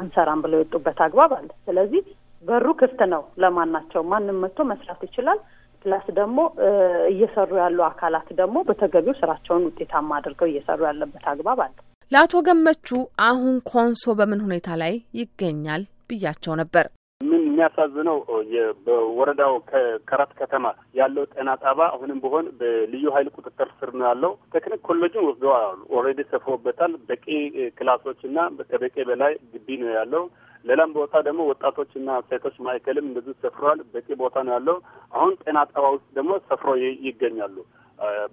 አንሰራም ብለው የወጡበት አግባብ አለ። ስለዚህ በሩ ክፍት ነው ለማናቸው ማንም መጥቶ መስራት ይችላል። ፕላስ ደግሞ እየሰሩ ያሉ አካላት ደግሞ በተገቢው ስራቸውን ውጤታማ አድርገው እየሰሩ ያለበት አግባብ አለ። ለአቶ ገመቹ አሁን ኮንሶ በምን ሁኔታ ላይ ይገኛል ብያቸው ነበር። ምን የሚያሳዝነው በወረዳው ከከራት ከተማ ያለው ጤና ጣባ አሁንም ቢሆን በልዩ ኃይል ቁጥጥር ስር ነው ያለው። ቴክኒክ ኮሌጅን ወስደዋል። ኦልሬዲ ሰፍሮበታል። በቂ ክላሶች እና ከበቂ በላይ ግቢ ነው ያለው። ሌላም ቦታ ደግሞ ወጣቶችና ሴቶች ማዕከልም እንደዚህ ሰፍረዋል። በቂ ቦታ ነው ያለው። አሁን ጤና ጣባ ውስጥ ደግሞ ሰፍሮ ይገኛሉ።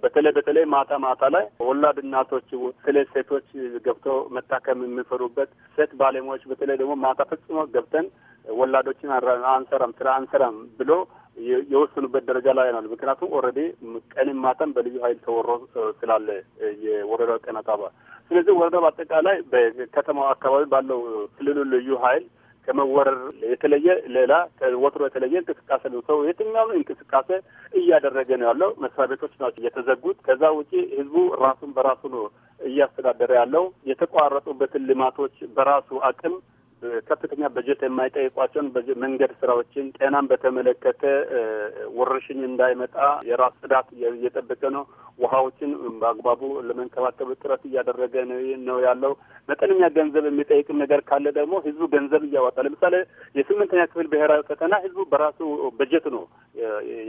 በተለይ በተለይ ማታ ማታ ላይ ወላድ እናቶች ስለ ሴቶች ገብቶ መታከም የሚፈሩበት ሴት ባለሙያዎች በተለይ ደግሞ ማታ ፈጽሞ ገብተን ወላዶችን አንሰራም ስራ አንሰራም ብሎ የወሰኑበት ደረጃ ላይ ናል። ምክንያቱም ኦልሬዲ ቀንም ማታም በልዩ ኃይል ተወሮ ስላለ የወረዳው ጤና ጣቢያ። ስለዚህ ወረዳው በአጠቃላይ በከተማው አካባቢ ባለው ክልሉ ልዩ ኃይል ከመወረር የተለየ ሌላ ወትሮ የተለየ እንቅስቃሴ ነው። ሰው የትኛውም እንቅስቃሴ እያደረገ ነው ያለው። መስሪያ ቤቶች ናቸው እየተዘጉት። ከዛ ውጪ ህዝቡ ራሱን በራሱ ነው እያስተዳደረ ያለው። የተቋረጡበትን ልማቶች በራሱ አቅም ከፍተኛ በጀት የማይጠይቋቸውን መንገድ ስራዎችን፣ ጤናን በተመለከተ ወረርሽኝ እንዳይመጣ የራስ ጽዳት እየጠበቀ ነው። ውሃዎችን በአግባቡ ለመንከባከብ ጥረት እያደረገ ነው ያለው። መጠነኛ ገንዘብ የሚጠይቅም ነገር ካለ ደግሞ ህዝቡ ገንዘብ እያወጣ ለምሳሌ የስምንተኛ ክፍል ብሔራዊ ፈተና ህዝቡ በራሱ በጀት ነው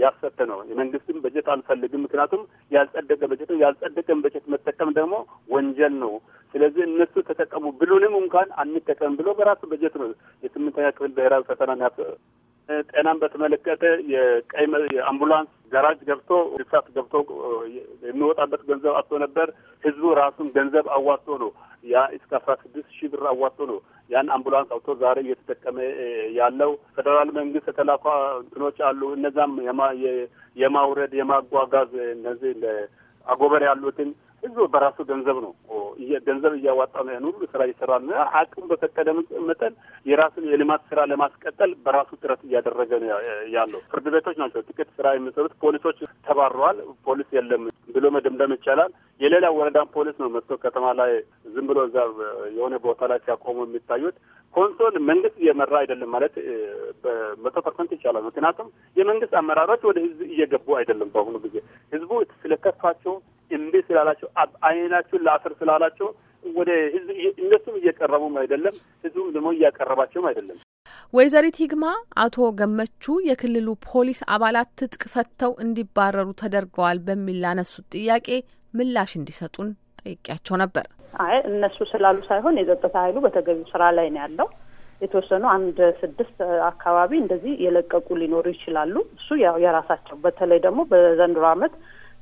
ያሰተ ነው። የመንግስትም በጀት አልፈልግም። ምክንያቱም ያልጸደቀ በጀት ነው። ያልጸደቀን በጀት መጠቀም ደግሞ ወንጀል ነው። ስለዚህ እነሱ ተጠቀሙ ብሉንም እንኳን አንጠቀም ብሎ በራሱ በጀት ነው የስምንተኛ ክፍል ብሔራዊ ፈተና ያፈ ጤናን በተመለከተ የቀይ የአምቡላንስ ጋራጅ ገብቶ ድሳት ገብቶ የሚወጣበት ገንዘብ አቶ ነበር። ህዝቡ ራሱን ገንዘብ አዋጥቶ ነው ያ እስከ አስራ ስድስት ሺህ ብር አዋጥቶ ነው ያን አምቡላንስ አውቶ ዛሬ እየተጠቀመ ያለው። ፌደራል መንግስት የተላኳ እንትኖች አሉ። እነዛም የማውረድ የማጓጓዝ እነዚህ አጎበር ያሉትን ህዝብ በራሱ ገንዘብ ነው ገንዘብ እያዋጣ ነው ያን ሁሉ ስራ እየሰራ ነው። አቅም በፈቀደ መጠን የራሱን የልማት ስራ ለማስቀጠል በራሱ ጥረት እያደረገ ነው ያለው። ፍርድ ቤቶች ናቸው ጥቂት ስራ የሚሰሩት። ፖሊሶች ተባረዋል፣ ፖሊስ የለም ብሎ መደምደም ይቻላል። የሌላ ወረዳን ፖሊስ ነው መጥቶ ከተማ ላይ ዝም ብሎ እዛ የሆነ ቦታ ላይ ሲያቆሙ የሚታዩት። ኮንሶል መንግስት እየመራ አይደለም ማለት በመቶ ፐርሰንት ይቻላል። ምክንያቱም የመንግስት አመራሮች ወደ ህዝብ እየገቡ አይደለም። በአሁኑ ጊዜ ህዝቡ ስለከፋቸው እምቢ ስላላቸው አይናችሁን ለአፈር ስላላቸው ወደ ህዝብ እነሱም እየቀረቡም አይደለም፣ ህዝቡም ደግሞ እያቀረባቸውም አይደለም። ወይዘሪት ሂግማ አቶ ገመቹ የክልሉ ፖሊስ አባላት ትጥቅ ፈተው እንዲባረሩ ተደርገዋል በሚል ላነሱት ጥያቄ ምላሽ እንዲሰጡን ጠይቄያቸው ነበር። አይ እነሱ ስላሉ ሳይሆን የጸጥታ ኃይሉ በተገቢው ስራ ላይ ነው ያለው። የተወሰኑ አንድ ስድስት አካባቢ እንደዚህ የለቀቁ ሊኖሩ ይችላሉ። እሱ ያው የራሳቸው በተለይ ደግሞ በዘንድሮ ዓመት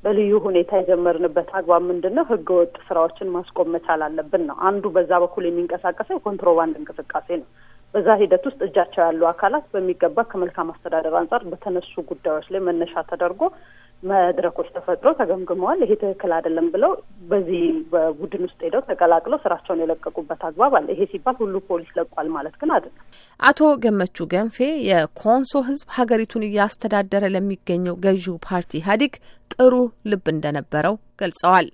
በልዩ ሁኔታ የጀመርንበት አግባብ ምንድን ነው? ህገወጥ ስራዎችን ማስቆም መቻል አለብን ነው አንዱ። በዛ በኩል የሚንቀሳቀሰው የኮንትሮባንድ እንቅስቃሴ ነው። በዛ ሂደት ውስጥ እጃቸው ያሉ አካላት በሚገባ ከመልካም አስተዳደር አንጻር በተነሱ ጉዳዮች ላይ መነሻ ተደርጎ መድረኮች ተፈጥሮ ተገምግመዋል። ይሄ ትክክል አይደለም ብለው በዚህ በቡድን ውስጥ ሄደው ተቀላቅለው ስራቸውን የለቀቁበት አግባብ አለ። ይሄ ሲባል ሁሉ ፖሊስ ለቋል ማለት ግን አይደለም። አቶ ገመቹ ገንፌ የኮንሶ ህዝብ ሀገሪቱን እያስተዳደረ ለሚገኘው ገዢው ፓርቲ ኢህአዴግ ጥሩ ልብ እንደነበረው ገልጸዋል።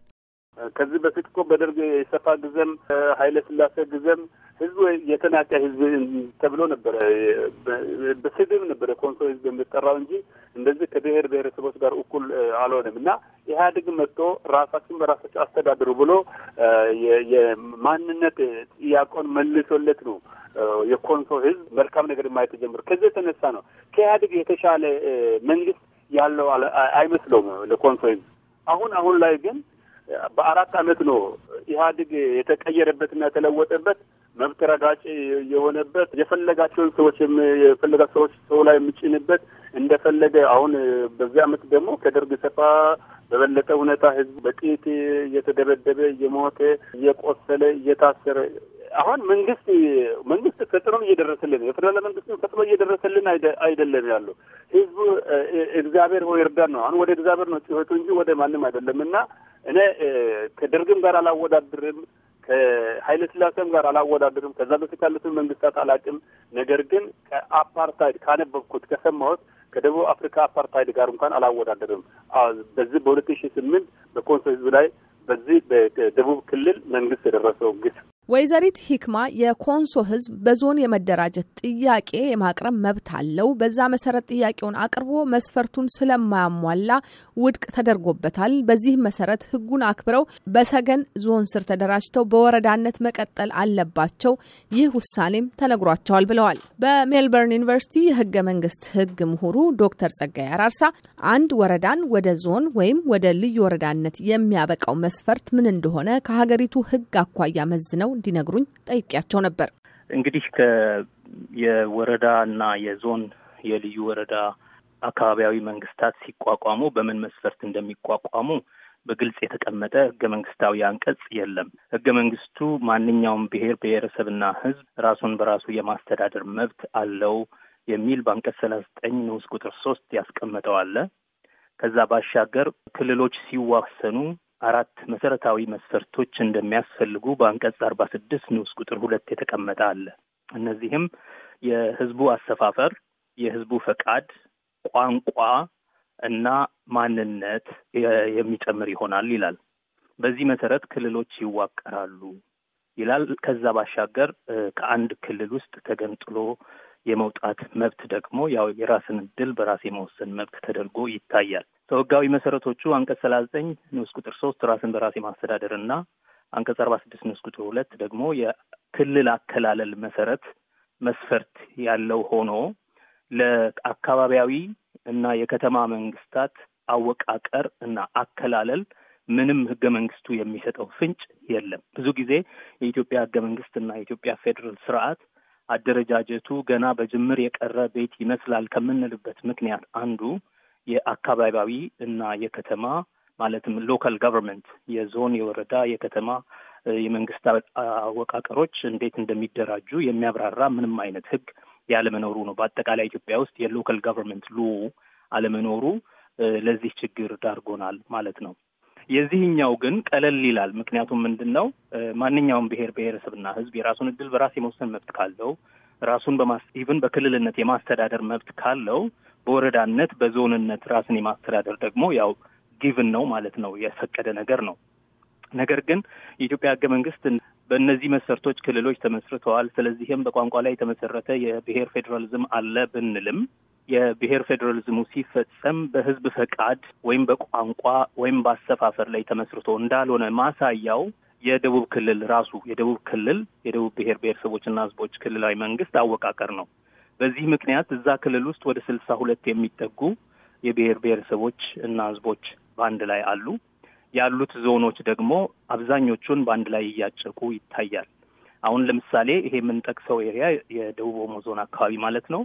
ከዚህ በፊት እኮ በደርግ የሰፋ ጊዜም ኃይለ ስላሴ ጊዜም ህዝቡ የተናቀ ህዝብ ተብሎ ነበረ። በስድብ ነበረ ኮንሶ ህዝብ የምጠራው እንጂ እንደዚህ ከብሔር ብሔረሰቦች ጋር እኩል አልሆነም እና ኢህአዴግ መጥቶ ራሳችን በራሳቸው አስተዳድሩ ብሎ የማንነት ጥያቄውን መልሶለት ነው የኮንሶ ህዝብ መልካም ነገር የማይተጀምሩ ከዚህ የተነሳ ነው ከኢህአዴግ የተሻለ መንግስት ያለው አይመስለውም ለኮንሶ ህዝብ። አሁን አሁን ላይ ግን በአራት አመት ነው ኢህአዴግ የተቀየረበትና የተለወጠበት መብት ረጋጭ የሆነበት የፈለጋቸውን ሰዎች የፈለጋ ሰዎች ሰው ላይ የሚጭንበት እንደፈለገ አሁን በዚህ አመት ደግሞ ከደርግ ሰፋ በበለጠ ሁኔታ ህዝብ በጥይት እየተደበደበ እየሞተ እየቆሰለ እየታሰረ አሁን መንግስት መንግስት ፈጥኖም እየደረሰልን የፌደራል መንግስት ፈጥኖ እየደረሰልን አይደለም ያለው ህዝቡ እግዚአብሔር ሆይ እርዳን ነው። አሁን ወደ እግዚአብሔር ነው ጩኸቱ እንጂ ወደ ማንም አይደለም። እና እኔ ከደርግም ጋር አላወዳድርም ከኃይለ ስላሴም ጋር አላወዳደርም። ከዛ በፊት ያሉትን መንግስታት አላቅም። ነገር ግን ከአፓርታይድ ካነበብኩት ከሰማሁት ከደቡብ አፍሪካ አፓርታይድ ጋር እንኳን አላወዳደርም። በዚህ በሁለት ሺ ስምንት በኮንሶ ህዝብ ላይ በዚህ በደቡብ ክልል መንግስት የደረሰው ግፍ ወይዘሪት ሂክማ የኮንሶ ህዝብ በዞን የመደራጀት ጥያቄ የማቅረብ መብት አለው። በዛ መሰረት ጥያቄውን አቅርቦ መስፈርቱን ስለማያሟላ ውድቅ ተደርጎበታል። በዚህ መሰረት ህጉን አክብረው በሰገን ዞን ስር ተደራጅተው በወረዳነት መቀጠል አለባቸው። ይህ ውሳኔም ተነግሯቸዋል ብለዋል። በሜልበርን ዩኒቨርሲቲ የህገ መንግስት ህግ ምሁሩ ዶክተር ጸጋይ አራርሳ አንድ ወረዳን ወደ ዞን ወይም ወደ ልዩ ወረዳነት የሚያበቃው መስፈርት ምን እንደሆነ ከሀገሪቱ ህግ አኳያ መዝነው እንዲነግሩኝ ጠይቄያቸው ነበር። እንግዲህ የወረዳ እና የዞን የልዩ ወረዳ አካባቢያዊ መንግስታት ሲቋቋሙ በምን መስፈርት እንደሚቋቋሙ በግልጽ የተቀመጠ ህገ መንግስታዊ አንቀጽ የለም። ህገ መንግስቱ ማንኛውም ብሔር ብሔረሰብና ህዝብ ራሱን በራሱ የማስተዳደር መብት አለው የሚል በአንቀጽ ሰላሳ ዘጠኝ ንዑስ ቁጥር ሶስት ያስቀመጠው አለ። ከዛ ባሻገር ክልሎች ሲዋሰኑ አራት መሰረታዊ መስፈርቶች እንደሚያስፈልጉ በአንቀጽ አርባ ስድስት ንዑስ ቁጥር ሁለት የተቀመጠ አለ። እነዚህም የህዝቡ አሰፋፈር፣ የህዝቡ ፈቃድ፣ ቋንቋ እና ማንነት የሚጨምር ይሆናል ይላል። በዚህ መሰረት ክልሎች ይዋቀራሉ ይላል። ከዛ ባሻገር ከአንድ ክልል ውስጥ ተገንጥሎ የመውጣት መብት ደግሞ ያው የራስን እድል በራስ የመወሰን መብት ተደርጎ ይታያል። በህጋዊ መሰረቶቹ አንቀጽ ሰላሳ ዘጠኝ ንዑስ ቁጥር ሶስት ራስን በራሴ ማስተዳደር እና አንቀጽ አርባ ስድስት ንዑስ ቁጥር ሁለት ደግሞ የክልል አከላለል መሰረት መስፈርት ያለው ሆኖ ለአካባቢያዊ እና የከተማ መንግስታት አወቃቀር እና አከላለል ምንም ህገ መንግስቱ የሚሰጠው ፍንጭ የለም። ብዙ ጊዜ የኢትዮጵያ ህገ መንግስት እና የኢትዮጵያ ፌዴራል ስርዓት አደረጃጀቱ ገና በጅምር የቀረ ቤት ይመስላል ከምንልበት ምክንያት አንዱ የአካባቢያዊ እና የከተማ ማለትም ሎካል ጋቨርንመንት የዞን፣ የወረዳ፣ የከተማ የመንግስት አወቃቀሮች እንዴት እንደሚደራጁ የሚያብራራ ምንም አይነት ህግ ያለመኖሩ ነው። በአጠቃላይ ኢትዮጵያ ውስጥ የሎካል ጋቨርንመንት ሎ አለመኖሩ ለዚህ ችግር ዳርጎናል ማለት ነው። የዚህኛው ግን ቀለል ይላል። ምክንያቱም ምንድን ነው ማንኛውም ብሔር ብሔረሰብና ህዝብ የራሱን እድል በራስ የመወሰን መብት ካለው ራሱን በማስ ኢቭን በክልልነት የማስተዳደር መብት ካለው በወረዳነት በዞንነት ራስን የማስተዳደር ደግሞ ያው ጊቭን ነው ማለት ነው፣ የፈቀደ ነገር ነው። ነገር ግን የኢትዮጵያ ህገ መንግስት በእነዚህ መሰርቶች ክልሎች ተመስርተዋል፣ ስለዚህም በቋንቋ ላይ የተመሰረተ የብሔር ፌዴራሊዝም አለ ብንልም የብሔር ፌዴራሊዝሙ ሲፈጸም በህዝብ ፈቃድ ወይም በቋንቋ ወይም በአሰፋፈር ላይ ተመስርቶ እንዳልሆነ ማሳያው የደቡብ ክልል ራሱ የደቡብ ክልል የደቡብ ብሔር ብሔረሰቦችና ህዝቦች ክልላዊ መንግስት አወቃቀር ነው። በዚህ ምክንያት እዛ ክልል ውስጥ ወደ ስልሳ ሁለት የሚጠጉ የብሔር ብሔረሰቦች እና ህዝቦች በአንድ ላይ አሉ። ያሉት ዞኖች ደግሞ አብዛኞቹን በአንድ ላይ እያጨቁ ይታያል። አሁን ለምሳሌ ይሄ የምንጠቅሰው ኤሪያ የደቡብ ኦሞ ዞን አካባቢ ማለት ነው።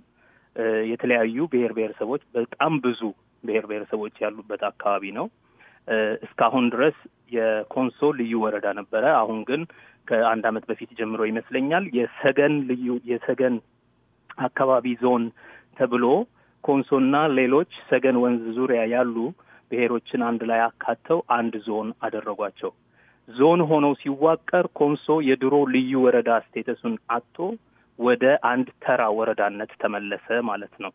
የተለያዩ ብሔር ብሔረሰቦች በጣም ብዙ ብሔር ብሔረሰቦች ያሉበት አካባቢ ነው። እስካሁን ድረስ የኮንሶ ልዩ ወረዳ ነበረ። አሁን ግን ከአንድ ዓመት በፊት ጀምሮ ይመስለኛል የሰገን ልዩ የሰገን አካባቢ ዞን ተብሎ ኮንሶና ሌሎች ሰገን ወንዝ ዙሪያ ያሉ ብሔሮችን አንድ ላይ አካተው አንድ ዞን አደረጓቸው። ዞን ሆነው ሲዋቀር ኮንሶ የድሮ ልዩ ወረዳ ስቴተሱን አጥቶ ወደ አንድ ተራ ወረዳነት ተመለሰ ማለት ነው።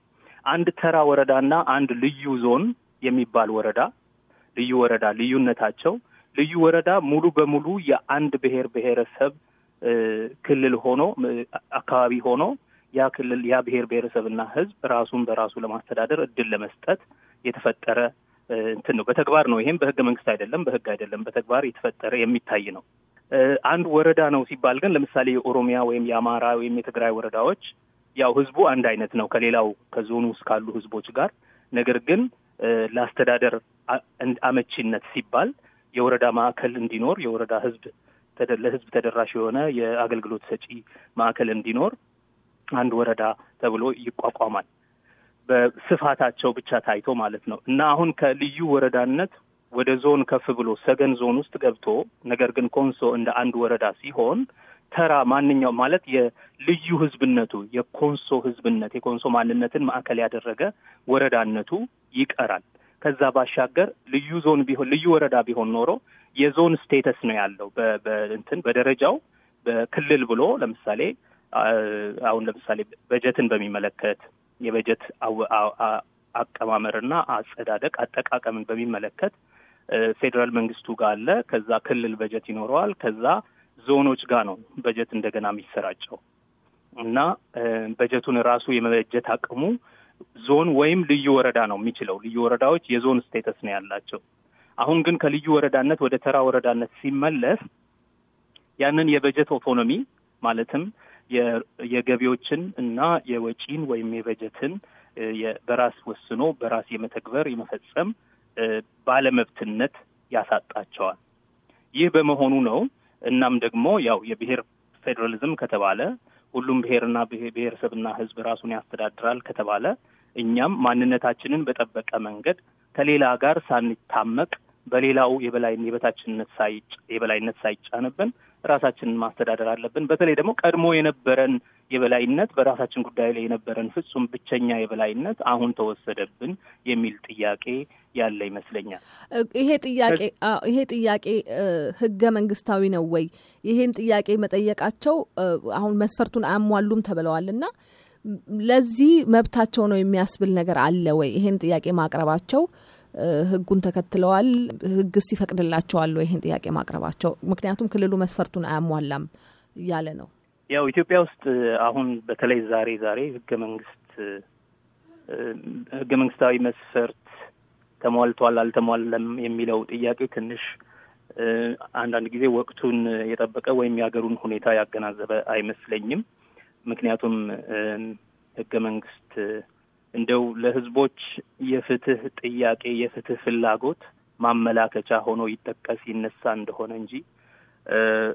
አንድ ተራ ወረዳና አንድ ልዩ ዞን የሚባል ወረዳ ልዩ ወረዳ ልዩነታቸው ልዩ ወረዳ ሙሉ በሙሉ የአንድ ብሔር ብሔረሰብ ክልል ሆኖ አካባቢ ሆኖ ያ ክልል ያ ብሔር ብሔረሰብና ህዝብ ራሱን በራሱ ለማስተዳደር እድል ለመስጠት የተፈጠረ እንትን ነው። በተግባር ነው። ይሄም በህገ መንግስት አይደለም፣ በህግ አይደለም። በተግባር የተፈጠረ የሚታይ ነው። አንድ ወረዳ ነው ሲባል ግን ለምሳሌ የኦሮሚያ ወይም የአማራ ወይም የትግራይ ወረዳዎች ያው ህዝቡ አንድ አይነት ነው ከሌላው ከዞኑ ውስጥ ካሉ ህዝቦች ጋር። ነገር ግን ለአስተዳደር አመቺነት ሲባል የወረዳ ማዕከል እንዲኖር የወረዳ ህዝብ ለህዝብ ተደራሽ የሆነ የአገልግሎት ሰጪ ማዕከል እንዲኖር አንድ ወረዳ ተብሎ ይቋቋማል። በስፋታቸው ብቻ ታይቶ ማለት ነው እና አሁን ከልዩ ወረዳነት ወደ ዞን ከፍ ብሎ ሰገን ዞን ውስጥ ገብቶ ነገር ግን ኮንሶ እንደ አንድ ወረዳ ሲሆን ተራ ማንኛው ማለት የልዩ ህዝብነቱ የኮንሶ ህዝብነት የኮንሶ ማንነትን ማዕከል ያደረገ ወረዳነቱ ይቀራል። ከዛ ባሻገር ልዩ ዞን ቢሆን ልዩ ወረዳ ቢሆን ኖሮ የዞን ስቴተስ ነው ያለው በእንትን በደረጃው በክልል ብሎ ለምሳሌ አሁን ለምሳሌ በጀትን በሚመለከት የበጀት አቀማመርና አጸዳደቅ አጠቃቀምን በሚመለከት ፌዴራል መንግስቱ ጋር አለ። ከዛ ክልል በጀት ይኖረዋል። ከዛ ዞኖች ጋር ነው በጀት እንደገና የሚሰራጨው እና በጀቱን ራሱ የመበጀት አቅሙ ዞን ወይም ልዩ ወረዳ ነው የሚችለው። ልዩ ወረዳዎች የዞን ስቴተስ ነው ያላቸው። አሁን ግን ከልዩ ወረዳነት ወደ ተራ ወረዳነት ሲመለስ ያንን የበጀት ኦቶኖሚ ማለትም የገቢዎችን እና የወጪን ወይም የበጀትን በራስ ወስኖ በራስ የመተግበር የመፈጸም ባለመብትነት ያሳጣቸዋል። ይህ በመሆኑ ነው። እናም ደግሞ ያው የብሔር ፌዴራሊዝም ከተባለ ሁሉም ብሔርና ብሔረሰብና ሕዝብ ራሱን ያስተዳድራል ከተባለ እኛም ማንነታችንን በጠበቀ መንገድ ከሌላ ጋር ሳንታመቅ በሌላው የበላይ የበታችነት የበላይነት ሳይጫንብን ራሳችንን ማስተዳደር አለብን። በተለይ ደግሞ ቀድሞ የነበረን የበላይነት በራሳችን ጉዳይ ላይ የነበረን ፍጹም ብቸኛ የበላይነት አሁን ተወሰደብን የሚል ጥያቄ ያለ ይመስለኛል። ይሄ ጥያቄ ይሄ ጥያቄ ህገ መንግስታዊ ነው ወይ? ይሄን ጥያቄ መጠየቃቸው አሁን መስፈርቱን አያሟሉም ተብለዋል እና ለዚህ መብታቸው ነው የሚያስብል ነገር አለ ወይ? ይሄን ጥያቄ ማቅረባቸው ህጉን ተከትለዋል? ህግስ ይፈቅድላቸዋል ወይ ይህን ጥያቄ ማቅረባቸው? ምክንያቱም ክልሉ መስፈርቱን አያሟላም እያለ ነው። ያው ኢትዮጵያ ውስጥ አሁን በተለይ ዛሬ ዛሬ ህገ መንግስት ህገ መንግስታዊ መስፈርት ተሟልቷል አልተሟለም የሚለው ጥያቄ ትንሽ አንዳንድ ጊዜ ወቅቱን የጠበቀ ወይም የሀገሩን ሁኔታ ያገናዘበ አይመስለኝም። ምክንያቱም ህገ መንግስት እንደው ለህዝቦች የፍትህ ጥያቄ የፍትህ ፍላጎት ማመላከቻ ሆኖ ይጠቀስ ይነሳ እንደሆነ እንጂ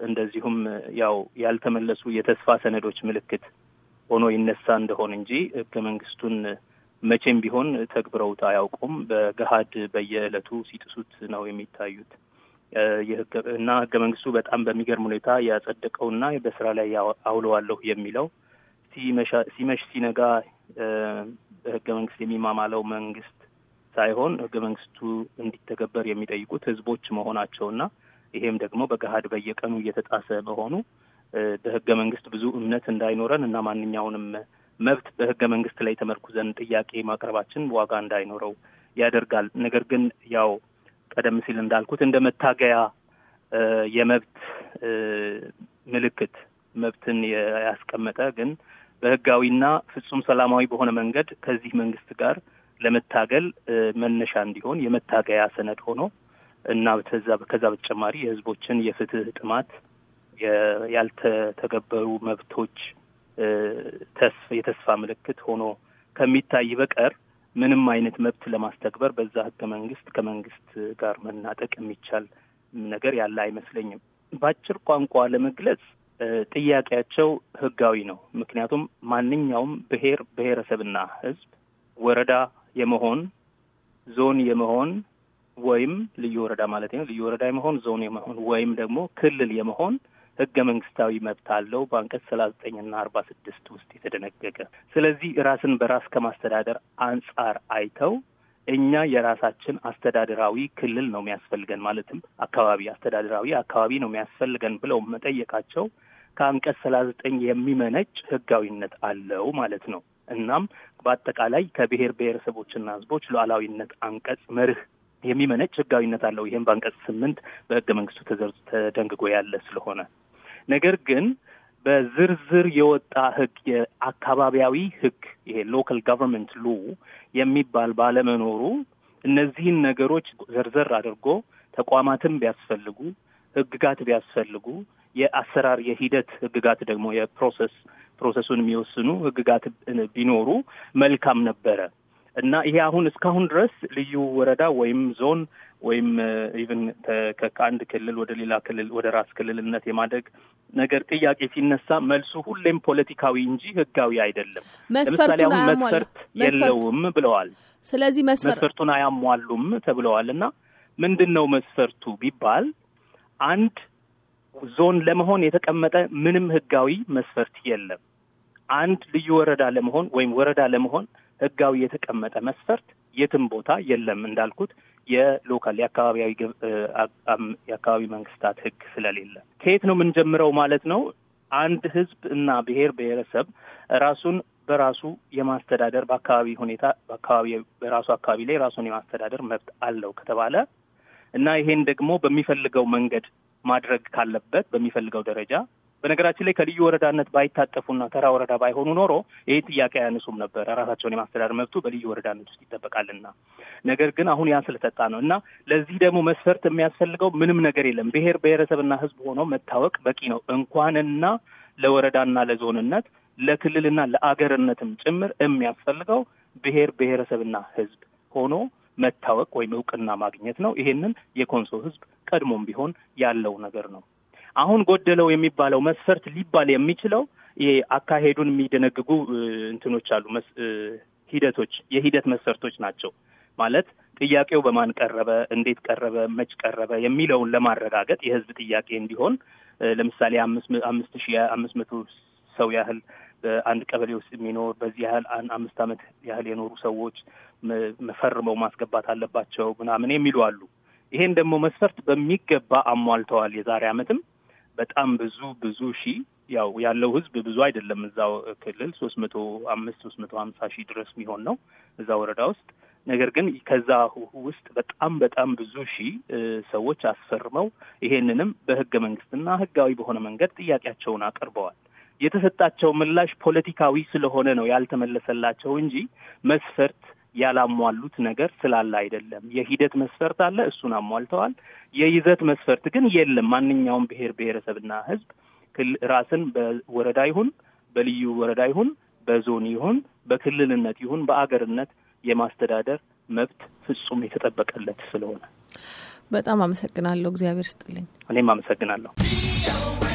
እንደዚሁም ያው ያልተመለሱ የተስፋ ሰነዶች ምልክት ሆኖ ይነሳ እንደሆን እንጂ ህገ መንግስቱን መቼም ቢሆን ተግብረውት አያውቁም። በገሀድ በየዕለቱ ሲጥሱት ነው የሚታዩት እና ህገ መንግስቱ በጣም በሚገርም ሁኔታ ያጸደቀውና በስራ ላይ አውለዋለሁ የሚለው ሲመሽ ሲነጋ በህገ መንግስት የሚማማለው መንግስት ሳይሆን ህገ መንግስቱ እንዲተገበር የሚጠይቁት ህዝቦች መሆናቸውና ይሄም ደግሞ በገሀድ በየቀኑ እየተጣሰ መሆኑ በህገ መንግስት ብዙ እምነት እንዳይኖረን እና ማንኛውንም መብት በህገ መንግስት ላይ ተመርኩዘን ጥያቄ ማቅረባችን ዋጋ እንዳይኖረው ያደርጋል። ነገር ግን ያው ቀደም ሲል እንዳልኩት እንደ መታገያ የመብት ምልክት መብትን ያስቀመጠ ግን በህጋዊና ፍጹም ሰላማዊ በሆነ መንገድ ከዚህ መንግስት ጋር ለመታገል መነሻ እንዲሆን የመታገያ ሰነድ ሆኖ እና ከዛ በተጨማሪ የህዝቦችን የፍትህ ጥማት ያልተተገበሩ መብቶች የተስፋ ምልክት ሆኖ ከሚታይ በቀር ምንም አይነት መብት ለማስተግበር በዛ ህገ መንግስት ከመንግስት ጋር መናጠቅ የሚቻል ነገር ያለ አይመስለኝም። በአጭር ቋንቋ ለመግለጽ ጥያቄያቸው ህጋዊ ነው። ምክንያቱም ማንኛውም ብሔር ብሔረሰብና ህዝብ ወረዳ የመሆን ዞን የመሆን ወይም ልዩ ወረዳ ማለት ነው ልዩ ወረዳ የመሆን ዞን የመሆን ወይም ደግሞ ክልል የመሆን ህገ መንግስታዊ መብት አለው በአንቀጽ ሰላሳ ዘጠኝና አርባ ስድስት ውስጥ የተደነገገ። ስለዚህ ራስን በራስ ከማስተዳደር አንጻር አይተው እኛ የራሳችን አስተዳደራዊ ክልል ነው የሚያስፈልገን፣ ማለትም አካባቢ አስተዳደራዊ አካባቢ ነው የሚያስፈልገን ብለው መጠየቃቸው ከአንቀጽ ሰላሳ ዘጠኝ የሚመነጭ ህጋዊነት አለው ማለት ነው። እናም በአጠቃላይ ከብሔር ብሔረሰቦችና ህዝቦች ሉዓላዊነት አንቀጽ መርህ የሚመነጭ ህጋዊነት አለው። ይህም በአንቀጽ ስምንት በህገ መንግስቱ ተደንግጎ ያለ ስለሆነ ነገር ግን በዝርዝር የወጣ ህግ የአካባቢያዊ ህግ ይሄ ሎካል ጋቨርንመንት ሉ የሚባል ባለመኖሩ እነዚህን ነገሮች ዘርዘር አድርጎ ተቋማትን ቢያስፈልጉ ህግጋት ቢያስፈልጉ የአሰራር የሂደት ህግጋት ደግሞ የፕሮሰስ ፕሮሰሱን የሚወስኑ ህግጋት ቢኖሩ መልካም ነበረ እና ይሄ አሁን እስካሁን ድረስ ልዩ ወረዳ ወይም ዞን ወይም ኢቭን ከአንድ ክልል ወደ ሌላ ክልል ወደ ራስ ክልልነት የማደግ ነገር ጥያቄ ሲነሳ መልሱ ሁሌም ፖለቲካዊ እንጂ ህጋዊ አይደለም። ለምሳሌ አሁን መስፈርት የለውም ብለዋል። ስለዚህ መስፈርቱን አያሟሉም ተብለዋል እና ምንድን ነው መስፈርቱ ቢባል አንድ ዞን ለመሆን የተቀመጠ ምንም ህጋዊ መስፈርት የለም። አንድ ልዩ ወረዳ ለመሆን ወይም ወረዳ ለመሆን ህጋዊ የተቀመጠ መስፈርት የትም ቦታ የለም። እንዳልኩት የሎካል የአካባቢያዊ የአካባቢ መንግስታት ህግ ስለሌለ ከየት ነው የምንጀምረው ማለት ነው። አንድ ህዝብ እና ብሔር ብሔረሰብ ራሱን በራሱ የማስተዳደር በአካባቢ ሁኔታ በአካባቢ በራሱ አካባቢ ላይ ራሱን የማስተዳደር መብት አለው ከተባለ እና ይሄን ደግሞ በሚፈልገው መንገድ ማድረግ ካለበት በሚፈልገው ደረጃ በነገራችን ላይ ከልዩ ወረዳነት ባይታጠፉና ተራ ወረዳ ባይሆኑ ኖሮ ይህ ጥያቄ አያነሱም ነበር። ራሳቸውን የማስተዳደር መብቱ በልዩ ወረዳነት ውስጥ ይጠበቃልና፣ ነገር ግን አሁን ያ ስለተጣ ነው እና ለዚህ ደግሞ መስፈርት የሚያስፈልገው ምንም ነገር የለም። ብሔር ብሔረሰብና ሕዝብ ሆኖ መታወቅ በቂ ነው። እንኳንና ለወረዳና ለዞንነት ለክልልና ለአገርነትም ጭምር የሚያስፈልገው ብሔር ብሔረሰብና ሕዝብ ሆኖ መታወቅ ወይም እውቅና ማግኘት ነው። ይሄንን የኮንሶ ህዝብ ቀድሞም ቢሆን ያለው ነገር ነው። አሁን ጎደለው የሚባለው መስፈርት ሊባል የሚችለው አካሄዱን የሚደነግጉ እንትኖች አሉ። ሂደቶች፣ የሂደት መስፈርቶች ናቸው ማለት ጥያቄው በማን ቀረበ፣ እንዴት ቀረበ፣ መች ቀረበ የሚለውን ለማረጋገጥ የህዝብ ጥያቄ እንዲሆን ለምሳሌ አምስት ሺህ አምስት መቶ ሰው ያህል አንድ ቀበሌ ውስጥ የሚኖር በዚህ ያህል አምስት ዓመት ያህል የኖሩ ሰዎች መፈርመው ማስገባት አለባቸው ምናምን የሚሉ አሉ። ይሄን ደግሞ መስፈርት በሚገባ አሟልተዋል። የዛሬ ዓመትም በጣም ብዙ ብዙ ሺህ ያው ያለው ህዝብ ብዙ አይደለም እዛው ክልል ሶስት መቶ አምስት ሶስት መቶ ሀምሳ ሺህ ድረስ የሚሆን ነው እዛ ወረዳ ውስጥ። ነገር ግን ከዛ ውስጥ በጣም በጣም ብዙ ሺህ ሰዎች አስፈርመው ይሄንንም በህገ መንግስትና ህጋዊ በሆነ መንገድ ጥያቄያቸውን አቅርበዋል። የተሰጣቸው ምላሽ ፖለቲካዊ ስለሆነ ነው ያልተመለሰላቸው እንጂ መስፈርት ያላሟሉት ነገር ስላለ አይደለም። የሂደት መስፈርት አለ፣ እሱን አሟልተዋል። የይዘት መስፈርት ግን የለም። ማንኛውም ብሔር ብሔረሰብና ህዝብ ራስን በወረዳ ይሁን በልዩ ወረዳ ይሁን በዞን ይሁን በክልልነት ይሁን በአገርነት የማስተዳደር መብት ፍጹም የተጠበቀለት ስለሆነ በጣም አመሰግናለሁ። እግዚአብሔር ስጥልኝ። እኔም አመሰግናለሁ።